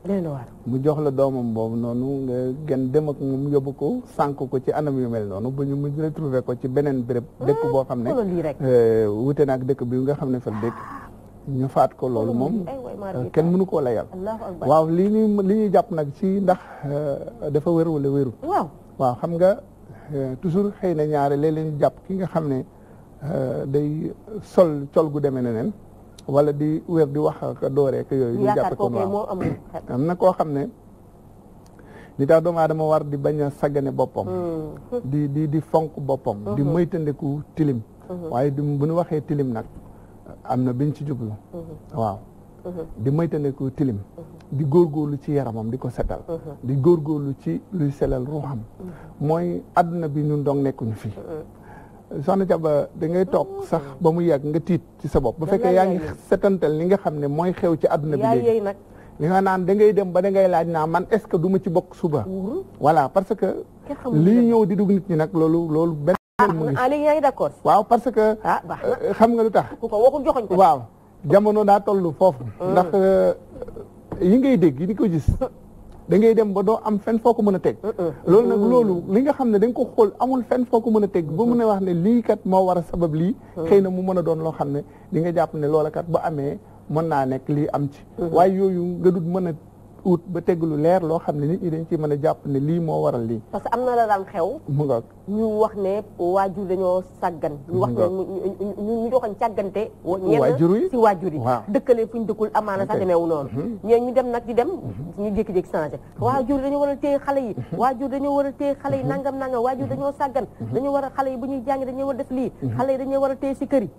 mu jox la doomam boobu noonu nga gën dem ak moom yóbbu ko sànq ko ci anam yu mel noonu ba ñu mu retrouver ko ci beneen béréb. Ah, dëkk boo xam ne euh, wute na ak dëkk bi nga xam ne fa dëkk. Ah. ñu faat ko loolu moom euh, kenn mënu koo layal waaw li ñuy li ñuy jàpp nag ci ndax dafa wér wala wéru waaw xam nga Euh, toujours xëy na ñaare léeg-léeg jàpp ki nga xam ne euh, day sol col gu demee neneen wala di wér di wax ak dooree yooyu. ñu jàpp ko waaw am na koo xam ne. li tax doomu aadama war di bañ a saggane boppam. Hmm. di di di fonk boppam. di hmm. moytandiku tilim. Hmm. waaye di bu ñu waxee tilim nag am na biñ ci jublu. waaw. di moytandiku tilim mhm. di góor góorgóorlu ci yaramam di ko setal mhm. di góor góorgóorlu ci luy selal ruuxam mhm. mooy àdduna bi ñun dong nekkuñu fii soxna Thiaba da ngay toog sax ba mu yàgg nga tiit ci sa bopp bu fekkee yaa ngi setantal li nga xam ne mooy xew ci àdduna bi léegi li nga naan da ngay dem ba da ngay laaj naa man est-ce que du ma ci bokk suba voilà parce que li ñëw di dugg nit ñi nag loolu loolu benn ah, ah yaa ngi d'accord waaw parce que ah, euh, xam nga lu tax ku ko waxul joxoñ ko waaw jamono daa toll foofu. Euh. ndax euh, yi ngay dégg yi di ko gis. da ngay dem ba doo am fen foo ko mën a teg. Euh, loolu nag mmh. loolu li nga xam ne da ko xool amul fenn foo ko mën a teg ba mën a wax ne lii kat moo war a sabab lii. xëy na mu mën a doon loo xam ne li nga jàpp ne loola kat ba amee mën naa nekk lii am ci. waaye yooyu nga dut mën a ut ba teg lu leer loo xam ne nit ñi dañ ci mën a jàpp ne lii moo waral lii. parce que am na la daan xew. mu ngoog ñu wax ne waajur dañoo sàggan ñu wax ne ñu doxañ càggante ñenn si waajur yi dëkkale fu ñu dëkkul amaana sax demeewu noonu mhm. ñeen ñu dem nag di dem mhm. ñu jékki-jékki changé waajur dañu war a téye xale yi waajur dañoo war a téye xale yi nangam mhm. nangam waajur dañoo sàggan dañoo war a xale yi bu ñuy jàngi dañoo war def lii xale yi dañoo war a si kër yi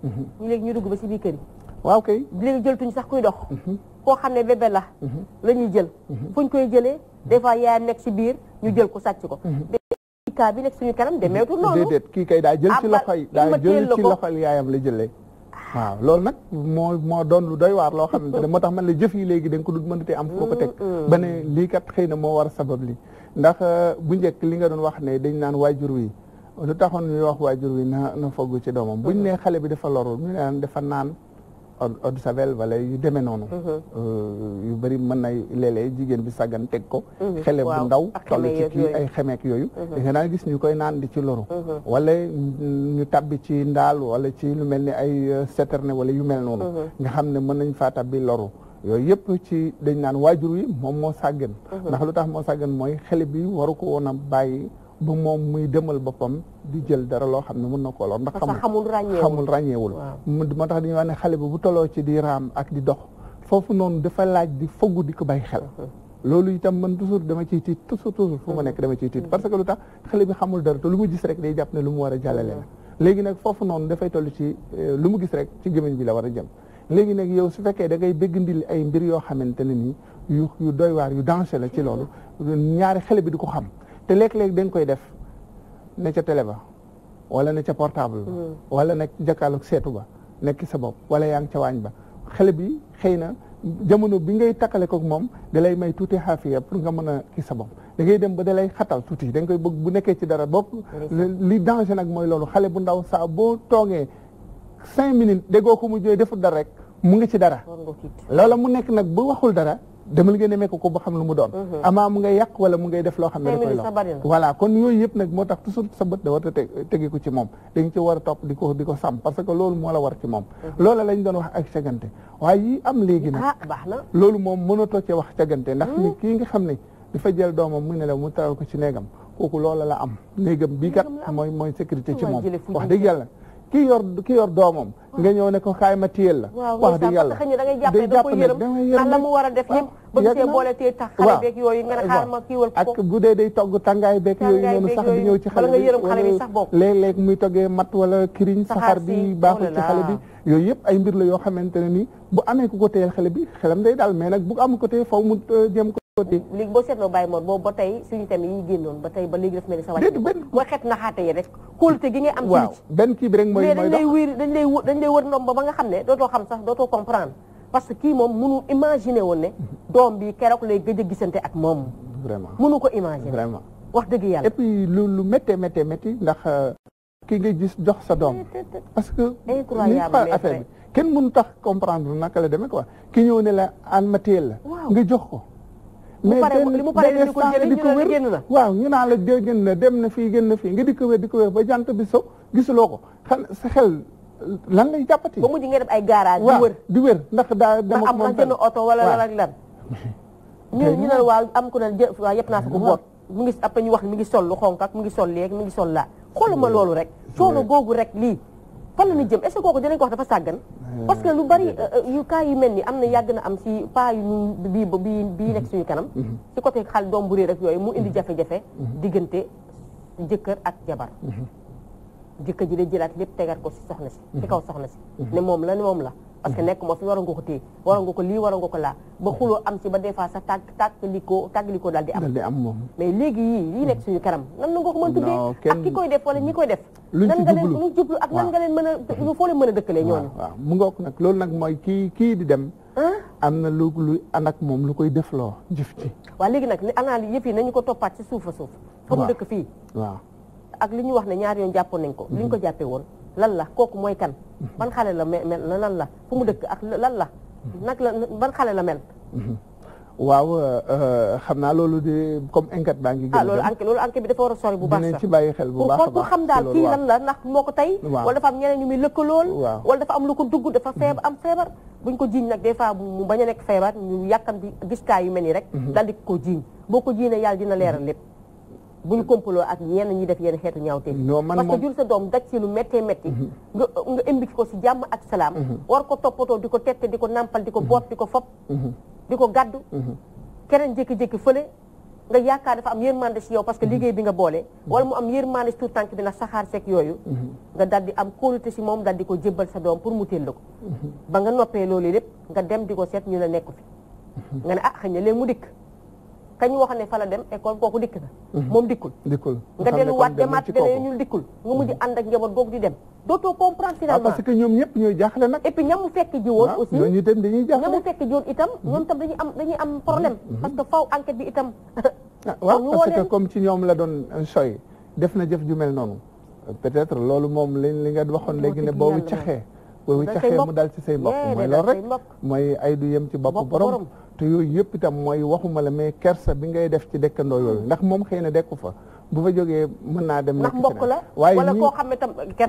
ñu léegi ñu dugg ba si biir kër yi waaw kay léegi sax kuy dox koo xam ne bébé la lañuy jël fu ñu koy jëlee des fois yaa nekk si biir ñu jël ko sàcc ko cas bi nekk suñu kanam demeetul noonu. déedéet kii kay daa jël ci loxo yi daa jël ci loxo yi yaayam la jëlee. waaw loolu nag moo moo doon lu doy waar loo xam ne moo tax man la jëf yi léegi da nga ko dut mënatee am foo ko teg. Mm, mm. ba ne xëy na moo war a sabab li ndax euh, bu njëkk li nga doon wax ne dañ naan waajur wi lu taxoon ñuy wax waajur wi na na fogg ci doomam buñ mm. ne xale bi dafa lorul ñu naan dafa naan. eau de Javel wala yu demee noonu. Mhm. Euh, yu bëri mën na léeg jigéen bi sàggan teg ko. Mhm. xele bu ndaw toll ci kii ay xemeek yooyu. da nga daan gis ñu koy naan di ci loru. Mhm. wala ñu tabbi ci ndaal wala ci lu mel ni ay euh, citerne wala yu mel noonu. nga xam ne mën nañ faa tabbi loru. yooyu yëpp ci dañ naan waajur wi moom moo sàggan. ndax lu tax moo sàggan mooy xele bi waru ko woon a bàyyi. ba moom muy demal boppam di jël dara loo xam ne mun na koo lor ndax xamul xamul ràññeewul moo tax dañuy wax ne xale bi bu tolloo ci di raam ak di dox foofu noonu dafa laaj di foggu di ko bay xel mm-hmm. loolu tam man toujours dama ci tiit toujours toujours fu ma mm-hmm. nekk dama ci tiit mm-hmm. parce que lu tax xale bi xamul dara te lu mu gis rek day jàpp ne lu mu war a jàllale la nag foofu noonu dafay toll ci euh, lu mu gis rek ci gémmiñ bi la war a jëm léegi nag yow su fekkee da ngay bëgg ndil ay mbir yoo xamante ne nii yu yu doy waar yu danger la ci loolu ñaari xale bi di ko xam te léeg-léeg dañ koy def ne ca télé ba wala ne ca portable ba hmm. wala nekk jàkkaarloog seetu ba nekk sa bopp wala yaa ngi ca waañ ba xale bi xëy na jamono bi ngay takkale koog moom dalay may tuuti xaafiya pour nga mën a kii sa bopp da ngay dem ba dalay xatal tuuti da koy bëgg bu nekkee ci dara bopp li danger nag mooy loolu xale bu ndaw saa boo toogee cinq minutes déggoo ko mu jooy deful dara rek mu ngi ci dara loola mu nekk nag bu waxul dara demal nga nemmeeku ko ba xam lu mu doon mhm. amaa mu ngay yàq wala mu ngay def loo xam ne da koy lo voilà kon yëpp nag moo tax toujours sa bët da war a ko ci moom dañ war a topp di ko di ko sàmm que loolu moo la war ci moom mhm. loolu lañ doon wax ak cagante waaye yi am léegi nag ah, loolu moom mënatoo cee wax cagante ndax mhm. ni kii nga xam ne dafa jël doomam mu ne la mu taral ko ci néegam kooku loola la am néegam bii kat mooy mooy sécurité ci moom wax dëgg yàlla ki yor ki yor doomam. nga ñëw ne ko xaay ma téyel la. wax dëgg yàlla waaw mooy sax parce que na da ngay jàpp ne da koy yërëm la mu war a def yëpp. bëgg see boole tee tax ne ma kiiwal ko ak bu dee day togg tàngaay beeg yooyu sax di ñëw ci muy toggee mat wala kiriñ saxaar bi baaxul oh ci xale bi yooyu yëpp ay mbir la yoo xamante ne ni bu amee ku ko téyel xale bi xelam day daal mais nag bu am ko téye faw mu euh, jëm ko léegi boo seetloo bàyyi moon boobu ba tey suñu thème yi génnoon ba tey ba léegi daf mel ni sa wàcc mooy xet na xaate yi rek kóolute gi ngay am waaw dañ lay wér dañ lay dañ lay wër ba nga xam ne too xam sax dootoo comprendre parce que kii moom mënu imaginer woon ne doom bi keroog lay gëj a gisante ak moom vraiment mënu ko imaginer vraiment wax dëgg yàlla et puis lu lu méttee méttee métti ndax euh, ki nga gis jox sa doom parce que li fa affaire bi kenn mënu tax comprendre naka la demee quoi ki ñëw ne la an mateel la nga jox ko mais li mu paree dañu ko jëlee ñu ne la génn na waaw ñu naan la dee génn na dem na fii génn na fii nga di ko wér di ko wér ba jant bi so gisuloo ko xel sa xel lan lay jàppati. ba mujj ngeen def ay garage di wër di wër ndax daa dem ak moom jënd oto wala lan lan ñu ñu ne waaw am ku ne waaw yëpp naa sa ko boot mu ngi après ñu wax ni mi ngi sol lu xonk ak mi ngi sol léegi mi ngi sol laa xooluma loolu rek coono googu rek lii fan la ñu jëm est-ce que kooku dinañ ko wax dafa sàggan euh, parce que lu bari euh, yu cas yu mel ni am na yàgg na am si pas yu ñu bii bii bii nekk suñu kanam si mm-hmm. mm-hmm. côté xal doom bu réer ak yooyu mu indi mm-hmm. jafe-jafe diggante jëkkër ak jabar jëkkër ji day jëlaat lépp tegaat ko si soxna si ci kaw soxna si ne moom la ne moom la parce que nekk moo fi waroon ko téye waroon nga ko lii waroon ko laa ba xuloo am ci ba des fois sax tàgg tàggalikoo tàggalikoo daal di am. moom mais léegi yii yii nekk suñu kanam nan la nga ko mën tuddee ak koy def wala ñi koy def nan nga leen luñ jublu ak nan nga leen mën a foo leen ñooñu waaw mu ngook nag loolu nag mooy kii kii di dem am na lu lu ànd ak moom lu koy def loo jëf ci waaw léegi nag analyse yëpp yi nañu ko toppaat ci suufa suuf comme dëkk fii waaw ak li ñu wax ne ñaari yoon jàppoon nañ ko li ñu ko jàppee woon lan la kooku mooy kan ban xale la mel lan la fu mu dëkk ak lan la nag la ban xale la mel waaw euh, euh, xam naa loolu de comme enquête baa ngi. gën a ah, loolu enquête loolu enquête bi dafa war a sori bu baax sax dinañ ci bàyyi xel bu baax a baax xam daal kii lan la ndax moo ko tey. wala dafa am ñeneen ñu muy lëkkalool. waaw wala dafa am lu ko dugg dafa mm-hmm. feeb am feebar. buñ ko jiiñ nag des fois mu bañ a nekk feebar ñu yàkkam bi gis kaa mel nii rek. Mm-hmm. daal di ko jiiñ boo ko jiinee yàlla dina leeral lépp. bu ñu kompaloo ak ñenn ñi def yenn xeetu ñaawteef parce que jur sa doom daj si lu méttee métti mm-hmm. nga nga imbi ko si jàmm ak salaam mm-hmm. war ko toppatoo di ko tette di ko nàmpal di ko mm-hmm. boot di ko fob di ko gàddu keneen jékki-jékki fële nga yaakaar dafa am yërmande si yow parce que liggéey bi nga boole wala mu am yërmande si tout tànk bi na saxaar seeg yooyu nga dal di am kóolute si moom dal di ko jébbal sa doom pour mu téel la ko ba nga noppee loolu lépp nga dem di ko seet ñu la nekku fi nga ne ah xëy mu dikk kañ wax ne fa la dem école kooku dikk na mhm. moom dikkul dikkul nga delluwaat demaat beneen ñu mhm. ak njaboot googu di dem dootoo comprendre ah, finalement parce que ñoom ñëpp ñooy jaaxle nag et puis ñamu fekk ji woon ah, aussi ñooñu itam dañuy jaaxle ñamu fekk ji woon itam ñoom itam dañuy am dañuy am problème mhm. parce que faaw enquête bi itam ah, parce que comme ci ñoom la doon soy def na jëf ju mel noonu peut-être loolu moom li li nga waxoon léegi ne boobu caxee boobu caxee mu dal ci say mbokk mooy loolu rek mooy ay du yem ci bopp borom te yooyu yëpp itam mooy waxuma la mais kersa bi ngay def ci dëkkandoo yooyu ndax moom xëy na dekku fa bu fa jógee mën naa dem. nekk ndax mbokk la ah, wala koo naa nekk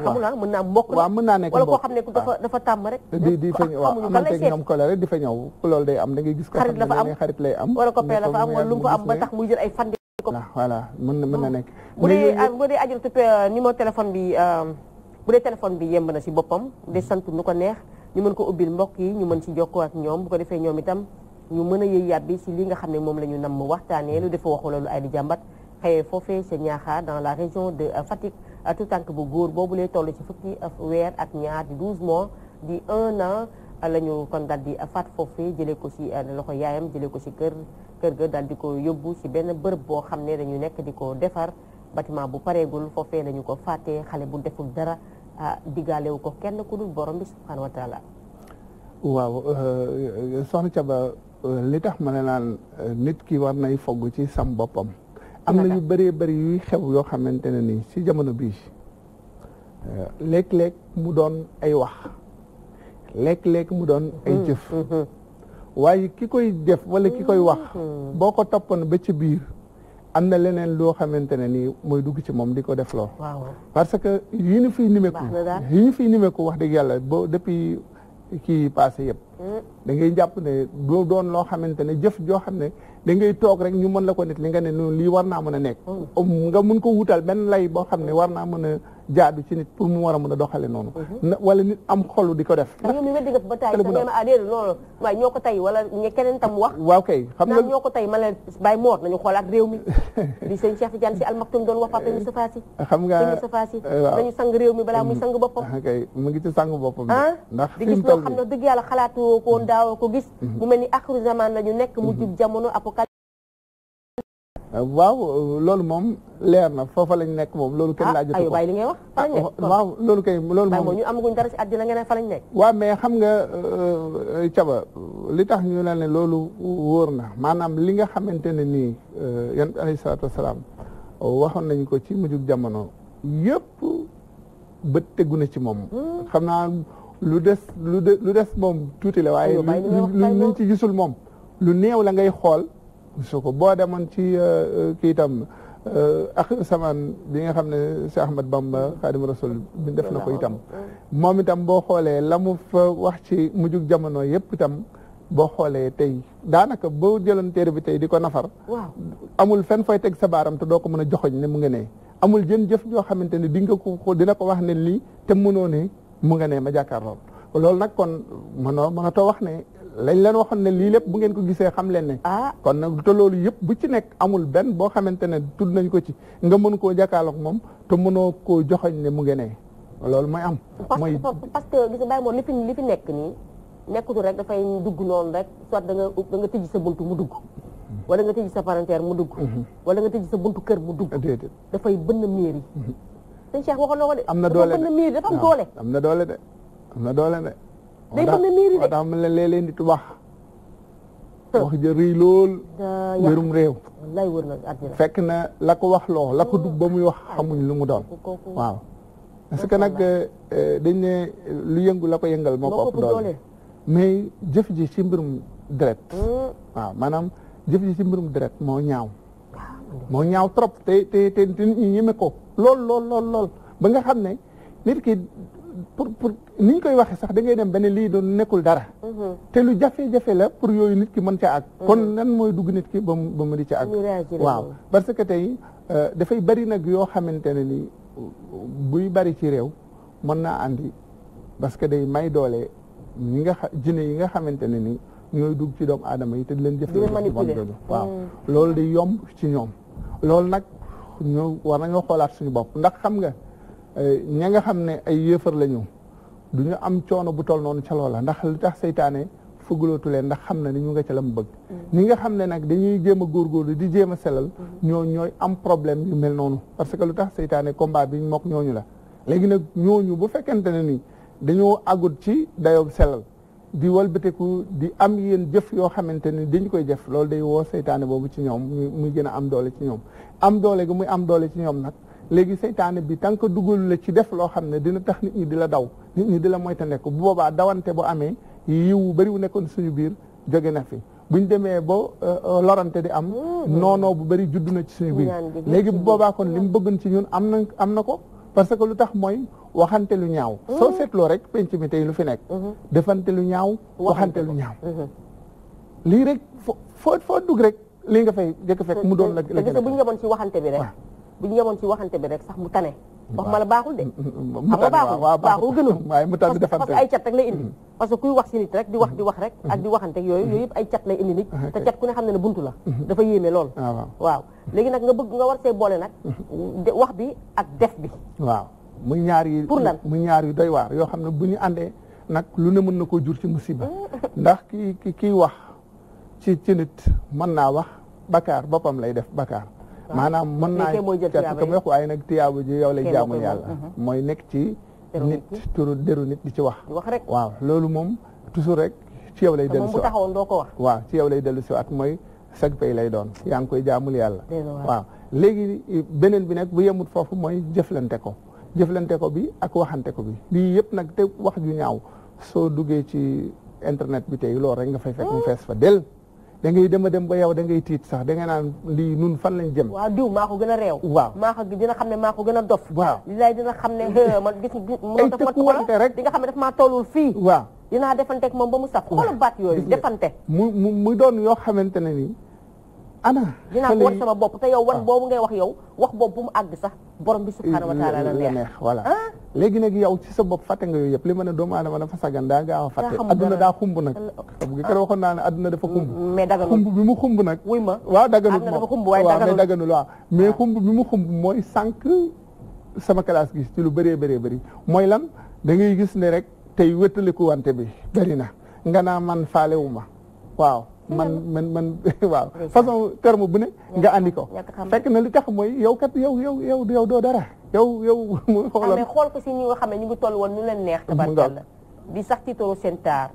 da ngay gis. xarit la fa am xarit lay am. wala ah, ko bu dee bu dee ajuratu euh, numéro téléphone bi euh, bu dee téléphone bi yemb na si boppam de sant nu ko neex ñu mën ko ubbil mbokk yi ñu mën ci jokkoo ak ñoom bu ko defee ñoom itam ñu mën a yëy yàbbi ci li nga xam ne moom la nam namm waxtaanee lu dafa waxu loolu ay di jàmbat xëyee foofee ca Niakhar dans la région de Fatick tout tànk bu góor boobu lay toll ci fukki weer ak ñaar di 12 mois di 1 an la ñu kon daal di faat foofee jëlee ko si loxo yaayam jëlee ko si kër kër ga dal di ko yóbbu si benn bërëb boo xam ne dañu nekk di ko defar bâtiment bu pareegul foofee la ñu ko fàttee xale bu deful dara ah, diggaalewu ko kenn ku dul borom bi subhanahu wa Euh, li tax ma ne naan euh, nit ki war nay foog ci sam boppam. am na yu bëree bëri yuy xew yoo xamante ne nii si jamono bii euh, léeg-léeg mu doon ay wax lekk lekk mu doon ay mm, jëf. Mm-hmm. waaye ki koy def wala ki koy wax. Mm-hmm. boo ko toppoon ba ci biir. am na leneen loo xamante ne nii mooy dugg ci moom di ko def loo. parce que yi ñu fiy nimeeku. yi ñu fiy nimeeku wax dëgg yàlla boo depuis kii yi passé yëpp mm. da ngay jàpp ne doo doon loo xamante ne jëf joo xam ne da ngay toog rek ñu mën na ko nit li nga ne noonu lii war naa mën a nekk mm. nga mun ko wutal benn lay boo xam ne war naa mën a jaadu ci nit pour mu war a a doxale noonu mhm. wala nit am xolu di ko def ñoom ñu weddi nga ba tey nee na ah déedéet loolu waaye ñoo ko tey wala ñu keneen tam ñoo ko tey ma leen bàyyi moor nañu xoolaat réew mi di sëñ Cheikh Tidiane Sy Al Maktoum doon wax Papa Moussa Fassi xam nga Moussa Fassi nañu sang réew mi balaa muy sang mm. boppam mu ngi sang boppam ah? ndax di gis loo xam ne dëgg yàlla xalaatoo ko woon mm. daawoo ko gis mm-hmm. mu mel ni axiru zaman la ñu nekk mu mm-hmm. jub jamono apocalypse Euh, waaw euh, loolu moom leer na foofa lañ nekk moom loolu kenn ah, laajatu ko aywa li ngay wax fa lañ nekk waaw loolu kay loolu moom ñu amaguñ dara ci nga ne fa lañ nekk waaw mais xam nga caba euh, li tax ñu ne ne loolu wóor na maanaam li nga xamante ne nii yan alayhi salaatu wasalaam waxoon nañu ko ci mujjug jamono yëpp bët tegu na ci moom hmm. xam naa lu des lu des moom tuuti la waaye luñ ci gisul moom lu néew la ngay xool gisu ko boo demoon ci euh, euh, kii itam euh, ak samaan bi nga xam ne si Ahmad Bamba Xaadim Rasul bi def na ko itam moom itam boo xoolee lamu mu fa wax ci mujjug jamono yëpp itam boo xoolee tey daanaka boo jëlan téere bi tey di ko nafar amul fenn fooy teg sa baaram te doo ko mën a joxoñ ne mu nga nee amul jën jëf joo xamante ne di nga ko dina ko wax ne lii te mënoo ne mu nga nee ma jàkkaarloo loolu nag kon mënoo mënatoo wax ne lañ leen waxoon ne lii lépp bu ngeen ko gisee xam leen ne ah kon nag te loolu yëpp bu ci nekk amul benn boo xamante ne tudd nañ ko ci nga mën koo jàkkaarloog moom te mënoo koo joxoñ ne mu ngi ne loolu mooy am mooy parce que gis nga bàyyi moom li fi li fi nekk nii nekkutu rek dafay dugg noonu rek soit da nga da nga tëj sa buntu mu dugg wala nga sa parentière mu dugg mhm. wala nga tëj sa buntu kër mu dugg dafay bënn miir yi mhm. sëñ Cheikh waxoon na ko de am na doole de am na doole de am na doole de day bëgg a miiri de daa mel ne léeg wax. ja rëy lool. wërum réew. wallaay wër na fekk na la ko wax loo la ko ba muy wax xamuñ lu mu doon. waaw parce que nag eh, eh, dañ ne lu yëngu la ko yëngal moo ko ëpp doole. mais jëf ji ci mbirum deret. Hmm. waaw maanaam jëf ji ci mbirum deret moo ñaaw. moo ñaaw trop te te te nit ñi ñeme ko. lool lool lool lool ba nga xam ne nit ki pour pour ni ñu koy waxee sax da ngay dem ba ne lii doon nekkul dara. Mm-hmm. te lu jafe-jafe la pour yooyu nit ki mën ca ak mm-hmm. kon nan mooy dugg nit ki ba mu ba mu di ca àgg. waaw parce que tey euh, dafay bari nag yoo xamante ne ni buy bari ci réew mën naa andi parce que day may doole ñi nga xa jinne yi nga xamante ne ni ñooy dugg ci doomu aadama yi te di leen jëfandikoo waaw mm-hmm. loolu di yomb ci ñoom loolu nag ñu war nañoo xoolaat suñu bopp ndax xam nga. ña nga xam ne ay yéefar la ñu du ñu am coono bu toll noonu ca loola ndax lu tax seytaane fëgalootu leen ndax xam na ni ñu nga ca la mu bëgg mm. ñi nga xam ne nag dañuy jéem a góorgóorlu di jéem a selal mm. ñoo ñooy am problème yu mel noonu parce que lu tax seytaane combat bi ñu mook ñooñu la léegi nag ñooñu bu fekkente ne ni dañoo agut ci dayoo selal di walbatiku di am yéen jëf yoo xamante ni dañu koy jëf loolu day woo seytaane boobu ci ñoom muy gën a am doole ci ñoom am doole gi muy am doole ci ñoom nag léegi seytaane bi tant que dugal la ci def loo xam ne dina tax nit ñi di la daw nit ñi di la moytandiku bu boobaa dawante bu amee yiw wu bëri wu nekkoon suñu biir jóge na fi buñ demee ba euh, euh, lorante di am hmm. noonoo bu bari judd na ci suñu biir léegi bu boobaa kon li mu bëggoon ci ñun am na am na ko parce que lu tax mooy waxante lu ñaaw hmm. soo seetloo rek penc mi tey lu fi nekk hmm. defante lu ñaaw waxante lu ñaaw lii rek foo foo dugg rek lii nga fay jëkk fekk mu doon la la gën a buñ yemoon ci waxante bi bu ñu yemoon ci waxante bi rek sax mu tane. wax ma la baaxul de. xam nga baaxul baaxul gënul. waaye mu tànn defante parce que ay cat mm-hmm. parce que kuy wax si nit rek di wax mm-hmm. di wax rek. ak mm-hmm. di waxante yooyu yooyu yëpp ay cat lay indi nit. Ah, te cat ku ne xam ne ne buntu la. dafa yéeme lool. Ah, waaw léegi nag nga bëgg nga war see boole nag. wax bi ak def bi. waaw muy ñaar yi. pour muy ñaar yu doy waar yoo xam ne bu ñu àndee nag lu ne mën na koo jur ci musiba. ndax kii ki kiy wax ci ci nit mën naa wax bakaar boppam lay def bakaar. maanaam mën naa càtt comme yokku waaye nag tiyaaba ji yow lay jaamu yàlla uh-huh. mooy nekk ci nit turu deru nit di ci wax waaw loolu moom toujours rek ci yow lay dellu si waat waaw ci yow lay dellu si waat mooy sag pay lay doon yaa ngi koy jaamul yàlla waaw léegi beneen bi nag bu yemut foofu mooy jëflante ko jëflante ko bi ak waxante ko bi lii yëpp nag te wax ju ñaaw soo duggee ci internet bi tey loolu rek nga fay fekk mu hmm. fees fa del da ngay dem a dem ba yow da ngay tiit sax da ngay naan lii nun fan lañ jëm. waa diw maa ko gën a réew. waa maa ko dina xam ne maa ko gën a dof. waaw lay dina xam ne man gis ay tëkkuwante rek di nga xam ne daf maa tollul fii. waaw dinaa defanteeg moom ba mu saf. xoolal baat yooyu defante. mu mu mu doon yoo xamante ne ni. ana dinaa ko wan sama bopp yow wan boobu ngay wax yow wax boobu àgg sax borom bi subhanahu wa taala la neex voilà ah? léegi nag yow ci sa bopp fàtte nga yooyu yëpp li ma ne doomu aadama dafa sagan daa gaaw a fàtte adduna daa xumb nag bu kër waxoon naa ne adduna dafa xumb mm, mais daganul xumb ma waaw daganul moom waaw mais daganul waaw mais ah. xumb bi mu xumb mooy sànq sama classe gis ci lu bëree bëree bari mooy lan da ngay gis ne rek tey wéttaliku wante bi bëri na nga naa man faalewu ma waaw man man man waaw façon terme bu ne nga andi ko fekk na li tax mooy yow yow yow yow yow doo dara yow yow mu ah, xoolal mais xool ko si ñi nga xam ne ñu ngi toll woon nu leen neex tabarkalla di sax tiitaroo seen taar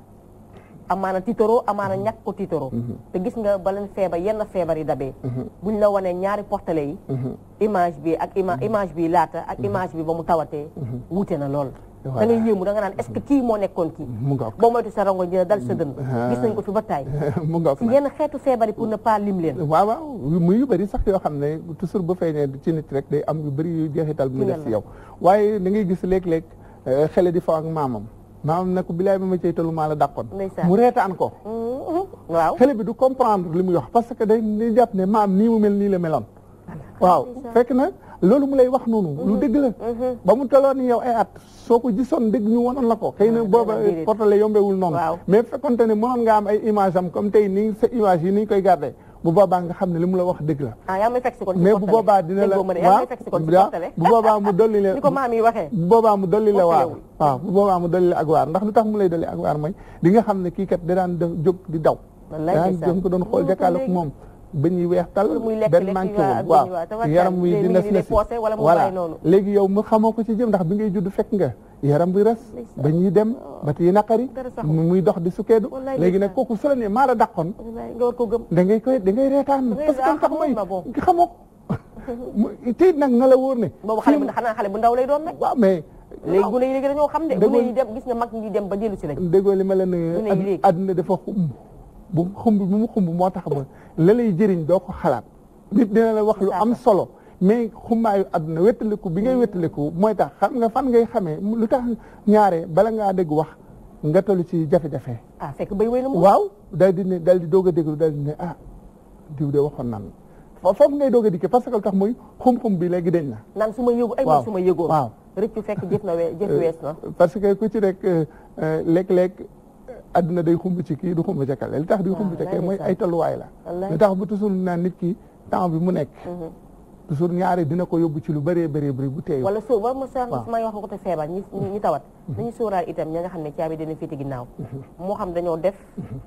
amaana tiitaroo amaana mm-hmm. ñàkk ko tiitaroo mm-hmm. te gis nga baleen feebar yenn feebar yi dabee mm-hmm. buñ la wanee ñaari portale yi image bi ak image bi laata ak image bi ba mu tawatee wute na lool da ngay yéemu da nga naan est ce que kii moo nekkoon kii boo moytu sa rango ñi dal sa dënn gis nañ ko fi ba taay mu nga ci yenn xeetu feebar yi pour ne pas lim leen waaw waaw muy yu bëri sax yoo xam ne toujours bu feeñee ci nit rek day am yu bëri yu jeexital bu mu def si yow waaye da ngay gis léeg-léeg eh, xele di fa ak maamam maamam ne ko bilaay ba ma cay talu maa la dàqoon mu reetaan ko mm-hmm. waaw xele bi du comprendre li muy wax parce que day jàpp ne maam nii mu mel nii la meloon waaw na loolu mu lay wax noonu. Mhm. lu dëgg la. Mhm. ba mu tolloon ni yow ay eh, at soo ko gisoon dëgg ñu wanoon la ko. Ah, xëy na booba eh, portale yombewul noonu. mais fekkonte ne mënoon nga am ay image am comme tey nii sa image yi ñu koy garde bu boobaa nga xam ne li mu la wax dëgg la. ah yaa may fekk si bu boobaa dina la waaw bu boobaa mu dolli la ni ko maam yi waxee. bu boobaa mu dolli la waar waaw bu boobaa mu dolli la ak ndax lu tax mu lay dolli ak waar mooy di nga xam ne kii kat da daan jóg di daw. wallaay daan ko doon xool jàkkaarloog moom. bañ yi weex tal benn manqué woon waaw yaram wi di nes nes voilà léegi yow mu xamoo ko ci jëm ndax bi ngay judd fekk nga yaram bi res bañ yi dem oh. ba yi naqari muy dox di sukkeedu léegi nag kooku su la ne maa la dàqoon da ngay koy da ngay reetaan parce que tax may ko tey nag na la wóor ne boobu xale bu xanaa xale bu ndaw lay doon nag waaw mais léegi gune xam de gune yi dem gis nga mag ñi ba si lañ déggoo li ma la ne àdduna dafa xum bu mu xumb bu mu xumb moo tax ba la jëriñ doo ko xalaat nit dina la wax lu am solo mais xumbaayu àdduna wéttaliku bi ngay wéttaliku mooy tax xam nga fan ngay xamee lu tax ñaare bala ngaa dégg wax nga toll ci jafe-jafe ah fekk mu waaw dal di ne dal di doog a déglu dal di ne ah diw de waxoon nan foofu ngay doog a dikkee parce que lu tax muy xum-xum bi léegi dañ na naan su ma yëgu ay ma su ma yëgoon waaw rëccu fekk jëf na wees na euh, parce que ku ci rek euh, euh, léeg-léeg àdduna day xumb ci kii du xumb ca kale li tax di ah, xumb ca kale mooy ay tolluwaay la li tax bu toujours naan nit ki temps bi mu nekk mm-hmm. toujours ñaare dina ko yóbbu ci lu bëree bëree bëri bu teew wala soo war ma sax may wax côté feebar ñi ñi tawat mm-hmm. itam ñi nga xam ne caabi dina féete ginnaaw mm-hmm. moo xam dañoo def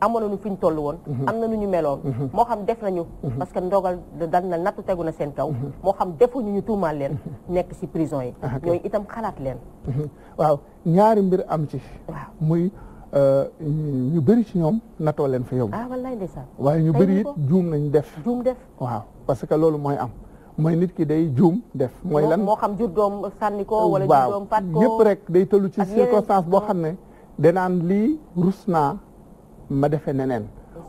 amoon nañu fi ñu toll woon am na nu ñu meloon moo xam def nañu parce que ndogal dal na nattu tegu na seen kaw moo xam defuñu ñu tuumaal leen nekk ci prison yi ah, ñooñu itam xalaat leen waaw ñaari mbir am ci muy Euh, ñu bëri ci ñoom natoo leen fi yomb. ah wallaay ndeysaan waaye ñu bëri it juum nañ def. juum def waaw parce que loolu mooy am. mooy nit ki day juum def. mooy lan moo xam jur doom sànni ko wala jur doom pat rek day tëlu ci circonstance boo xam ne. danaan lii rus naa ma defee neneen.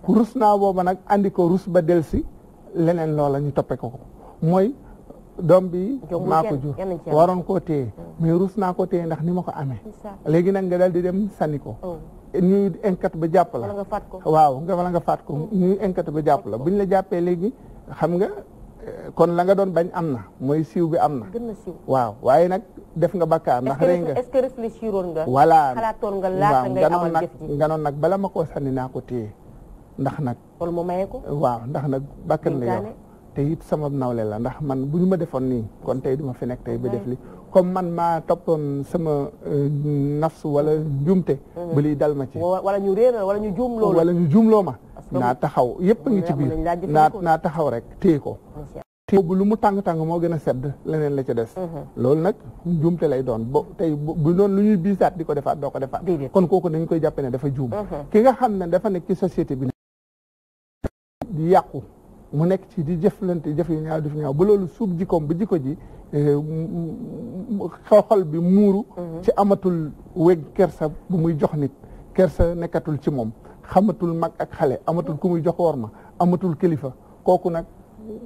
rus naa booba nag andi ko rus ba delsi leneen loola ñu toppee ko ko mooy. doom bi maa ko jur waroon koo téye mm. mais rus naa ko téye ndax ni ma ko amee léegi nag nga daal di dem sànni ko mm. ñuy enquête ba jàpp la waaw nga wala nga faat ko ñuy enquête ba jàpp la buñ la jàppee léegi xam nga eh, kon la nga doon bañ am na mooy siiw bi am na waaw waaye nag def nga bakkaar ndax rey nga est nga voilà xalaatoon nga laata ngay amal jëf nag bala ma koo naa ko téye ndax nag loolu mu maye ko waaw ndax nag bakkan la yow te it sama nawle la ndax man bu ñu ma defoon nii kon tey duma fi nekk tey ba def li comme man maa toppoon sama euh, nafs wala jumte mm-hmm. ba lii dal ma ci wala ñu réer wala ñu juumloo wala ñu juumloo ma naa taxaw yëpp a ngi ci biir naa naa taxaw rek tee ko téye bu lu mu tàng-tàng moo gën a sedd leneen la ca des mm-hmm. loolu nag juumte lay doon bo tey bu doon lu ñuy biis biisaat di ko defaat doo ko defaat kon kooku dañ koy jàppe ne dafa juum mm-hmm. ki nga xam ne dafa nekk ci société bi di yàqu mu nekk ci di jëflante jëf yu ñaaw def ñaaw ba loolu suub jikkoom ba jikko ji Eh, xaw xol bi muuru. Mm-hmm. ci amatul weg kersa bu muy jox nit kersa nekkatul ci moom xamatul mag ak xale amatul ku muy jox war na amatul kilifa kooku nag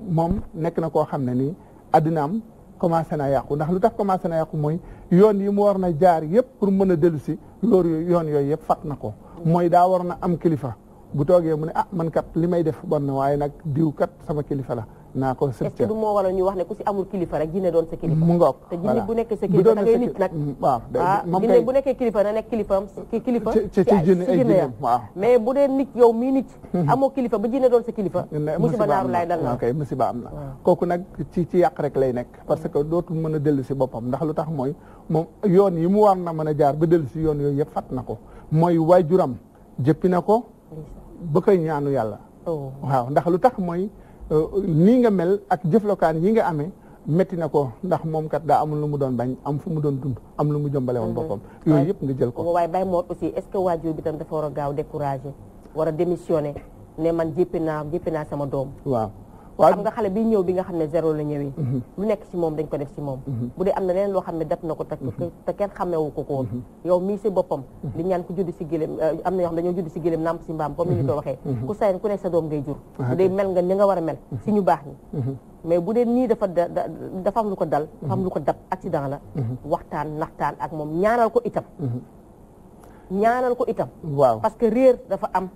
moom nekk na koo xam ne nii addinaam commencé na yàqu ndax lu tax commencé na yàqu mooy yoon yi mu war na jaar yëpp pour mën a dellu si loolu yoon yooyu yëpp fat na ko. Mm-hmm. mooy daa war na am kilifa bu toogee mu ne ah man kat li may def bon na waaye nag diw kat sama kilifa la. naa ko sëb moo waral ñu wax ne ku si amul kilifa rek jinne doon sa kilifa. mu ngoog voilà te jinne bu nekkee sa kilifa da ngay mm, ah, na nekk kilifaam mm. ki kilifa. ci jinne ay waaw mais bu dee nit yow mii nit. Mm-hmm. amoo kilifa ba jinne doon sa kilifa. musiba naaru laay dal na si musiba am na. kooku nag ci ci yàq rek lay nekk. parce que dootul mën a dellu si boppam ndax lu tax mooy moom yoon yi mu war na mën a jaar ba dellu si yoon yooyu yëpp fat na ko mooy juram jëppi na ko ba koy ñaanu yàlla oh. waaw ndax lu tax mooy Euh, nii nga mel ak jëflokaan yii nga ame metti na ko ndax moom kat daa amul lu mu doon bañ am fu mu doon dund am lu mu jëmbale woon mhm. boppam yooyu yëpp nga jël ko waaye Baye Mor aussi est ce que waajur bi tam dafa war a gaaw découragé war a démissionné ne man jéppi naa jéppi naa sama doom waaw xam nga xale bi ñëw bi nga xam ne zéro la ñëwee lu mhm. nekk ci moom dañ ko def ci moom mhm. bu dee am na leneen loo xam ne def na ko te mhm. te kenn xamewu ko koon yow mii si boppam di ñaan ku judd si gëléem euh, am na ñoo xam dañoo judd si gëléem nàmp si mbaam comme ni ñu ko waxee ku sayn ku nekk sa ah, dee mel nga ni nga war a mel si ñu baax ñi mais bu dee nii dafa da dafa am lu ko dal dafa am lu ko dab accident la waxtaan naxtaan ak moom ñaanal ko itam ñaanal ko itam waaw parce que réer dafa am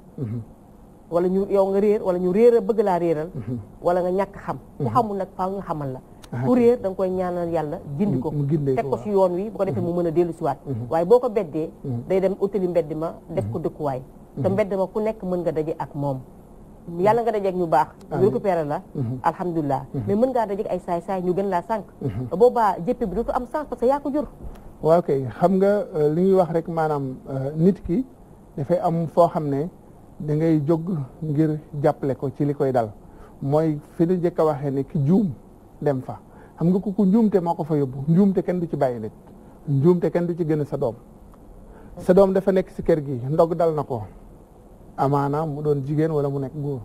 wala ñu yow nga réer wala ñu réer bëgg laa réeral mhm. wala nga ñàkk xam ku mhm. xamul nag faaw nga xamal la ah, ku réer da koy ñaanal yàlla gindi ko teg ko si yoon wi bu ko defee mu mhm. mën a dellu siwaat waaye boo ko beddee day dem utali mbedd ma def ko dëkkuwaay te mbedd ma ku nekk mën nga daje ak moom yàlla nga dajeeg ñu baax ñu récupéré la alhamdulilah mais mën ngaa dajeeg ay saay-saay ñu gën laa sànq boobaa jëppe bi dootu am sens parce que yaa ko jur waaw kay xam nga euh, li ñuy wax rek maanaam euh, nit ki dafay am foo xam ne da ngay jóg ngir jàppale ko ci li koy dal mooy fi ñu njëkk a waxee ne ki juum dem fa xam nga ku njuumte moo ko fa yóbbu njuumte kenn du ci bàyyi nit njuumte kenn du ci gën a sa doom sa doom dafa nekk si kër gi ndog dal na ko amaana mu doon jigéen wala mu nekk góor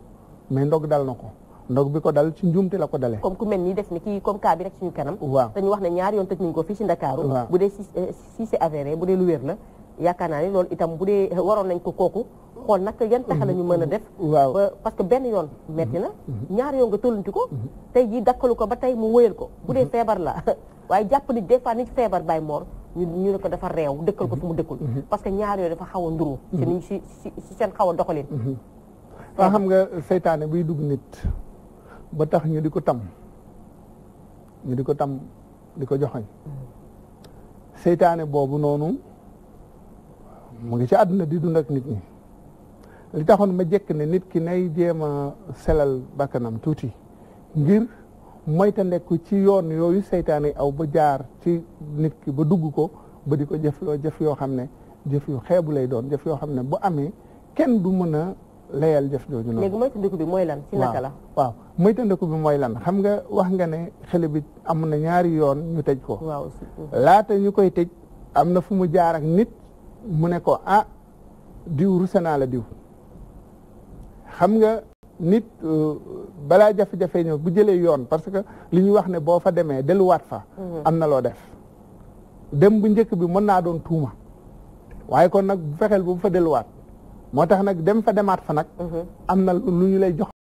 mais ndog dal na ko ndog bi ko dal ci njuumte la ko dalee comme ku mel nii def ni kii comme cas bi rek suñu kanam waaw dañu wax ne ñaar yoon te nañ ko fii si Ndakaaru bu dee eh, si si c'est avéré bu dee lu wér la yaakaar naa ne loolu itam bu dee eh, waroon nañ ko kooku xool nag yan pexe la ñu mën a mhm. def waaw parce que benn yoon metti na mhm. mhm. ñaar yoon nga tollanti ko tey jii dakkalu ko ba tey mu wëyal ko bu dee feebar la waaye jàpp ni des fois nit feebar bay moor ñu ñu ne ko dafa réew dëkkal ko fu mu dëkkul parce que ñaar yooyu dafa xaw a nduru ci niñ si si seen xaw a doxalin xam nga seytaane buy dugg nit ba tax ñu di ko tam ñu di ko tam di ko joxoñ seytaane boobu noonu mu ngi ci àdduna di dundak nit ñi li taxoon ma jëkk ne nit ki nay jéem a selal bakkanam tuuti ngir moytandeku ci yoon yooyu seytaane aw ba jaar ci nit ki ba dugg ko ba di ko jëfloo jëf yoo xam ne jëf yu xeebu lay doon jëf yoo xam ne bu amee kenn du mën a layal jëf jooju mooy lan. ci waaw moytandeku bi mooy lan xam nga wax nga ne xale am na ñaari yoon ñu tëj ko. laata ñu koy tëj am na fu mu jaarak nit mu ne ko ah diw ruse la diw. xam nga nit euh, balaa jafe-jafe ñëw bu jëlee yoon parce que li ñu wax ne boo fa demee delluwaat fa. Mhm. am na loo def. dem bu njëkk bi mën naa doon tuuma waaye kon nag bu fexeel bu fa delluwaat moo tax nag dem fa demaat fa nag. Mhm. am na lu ñu lay jox.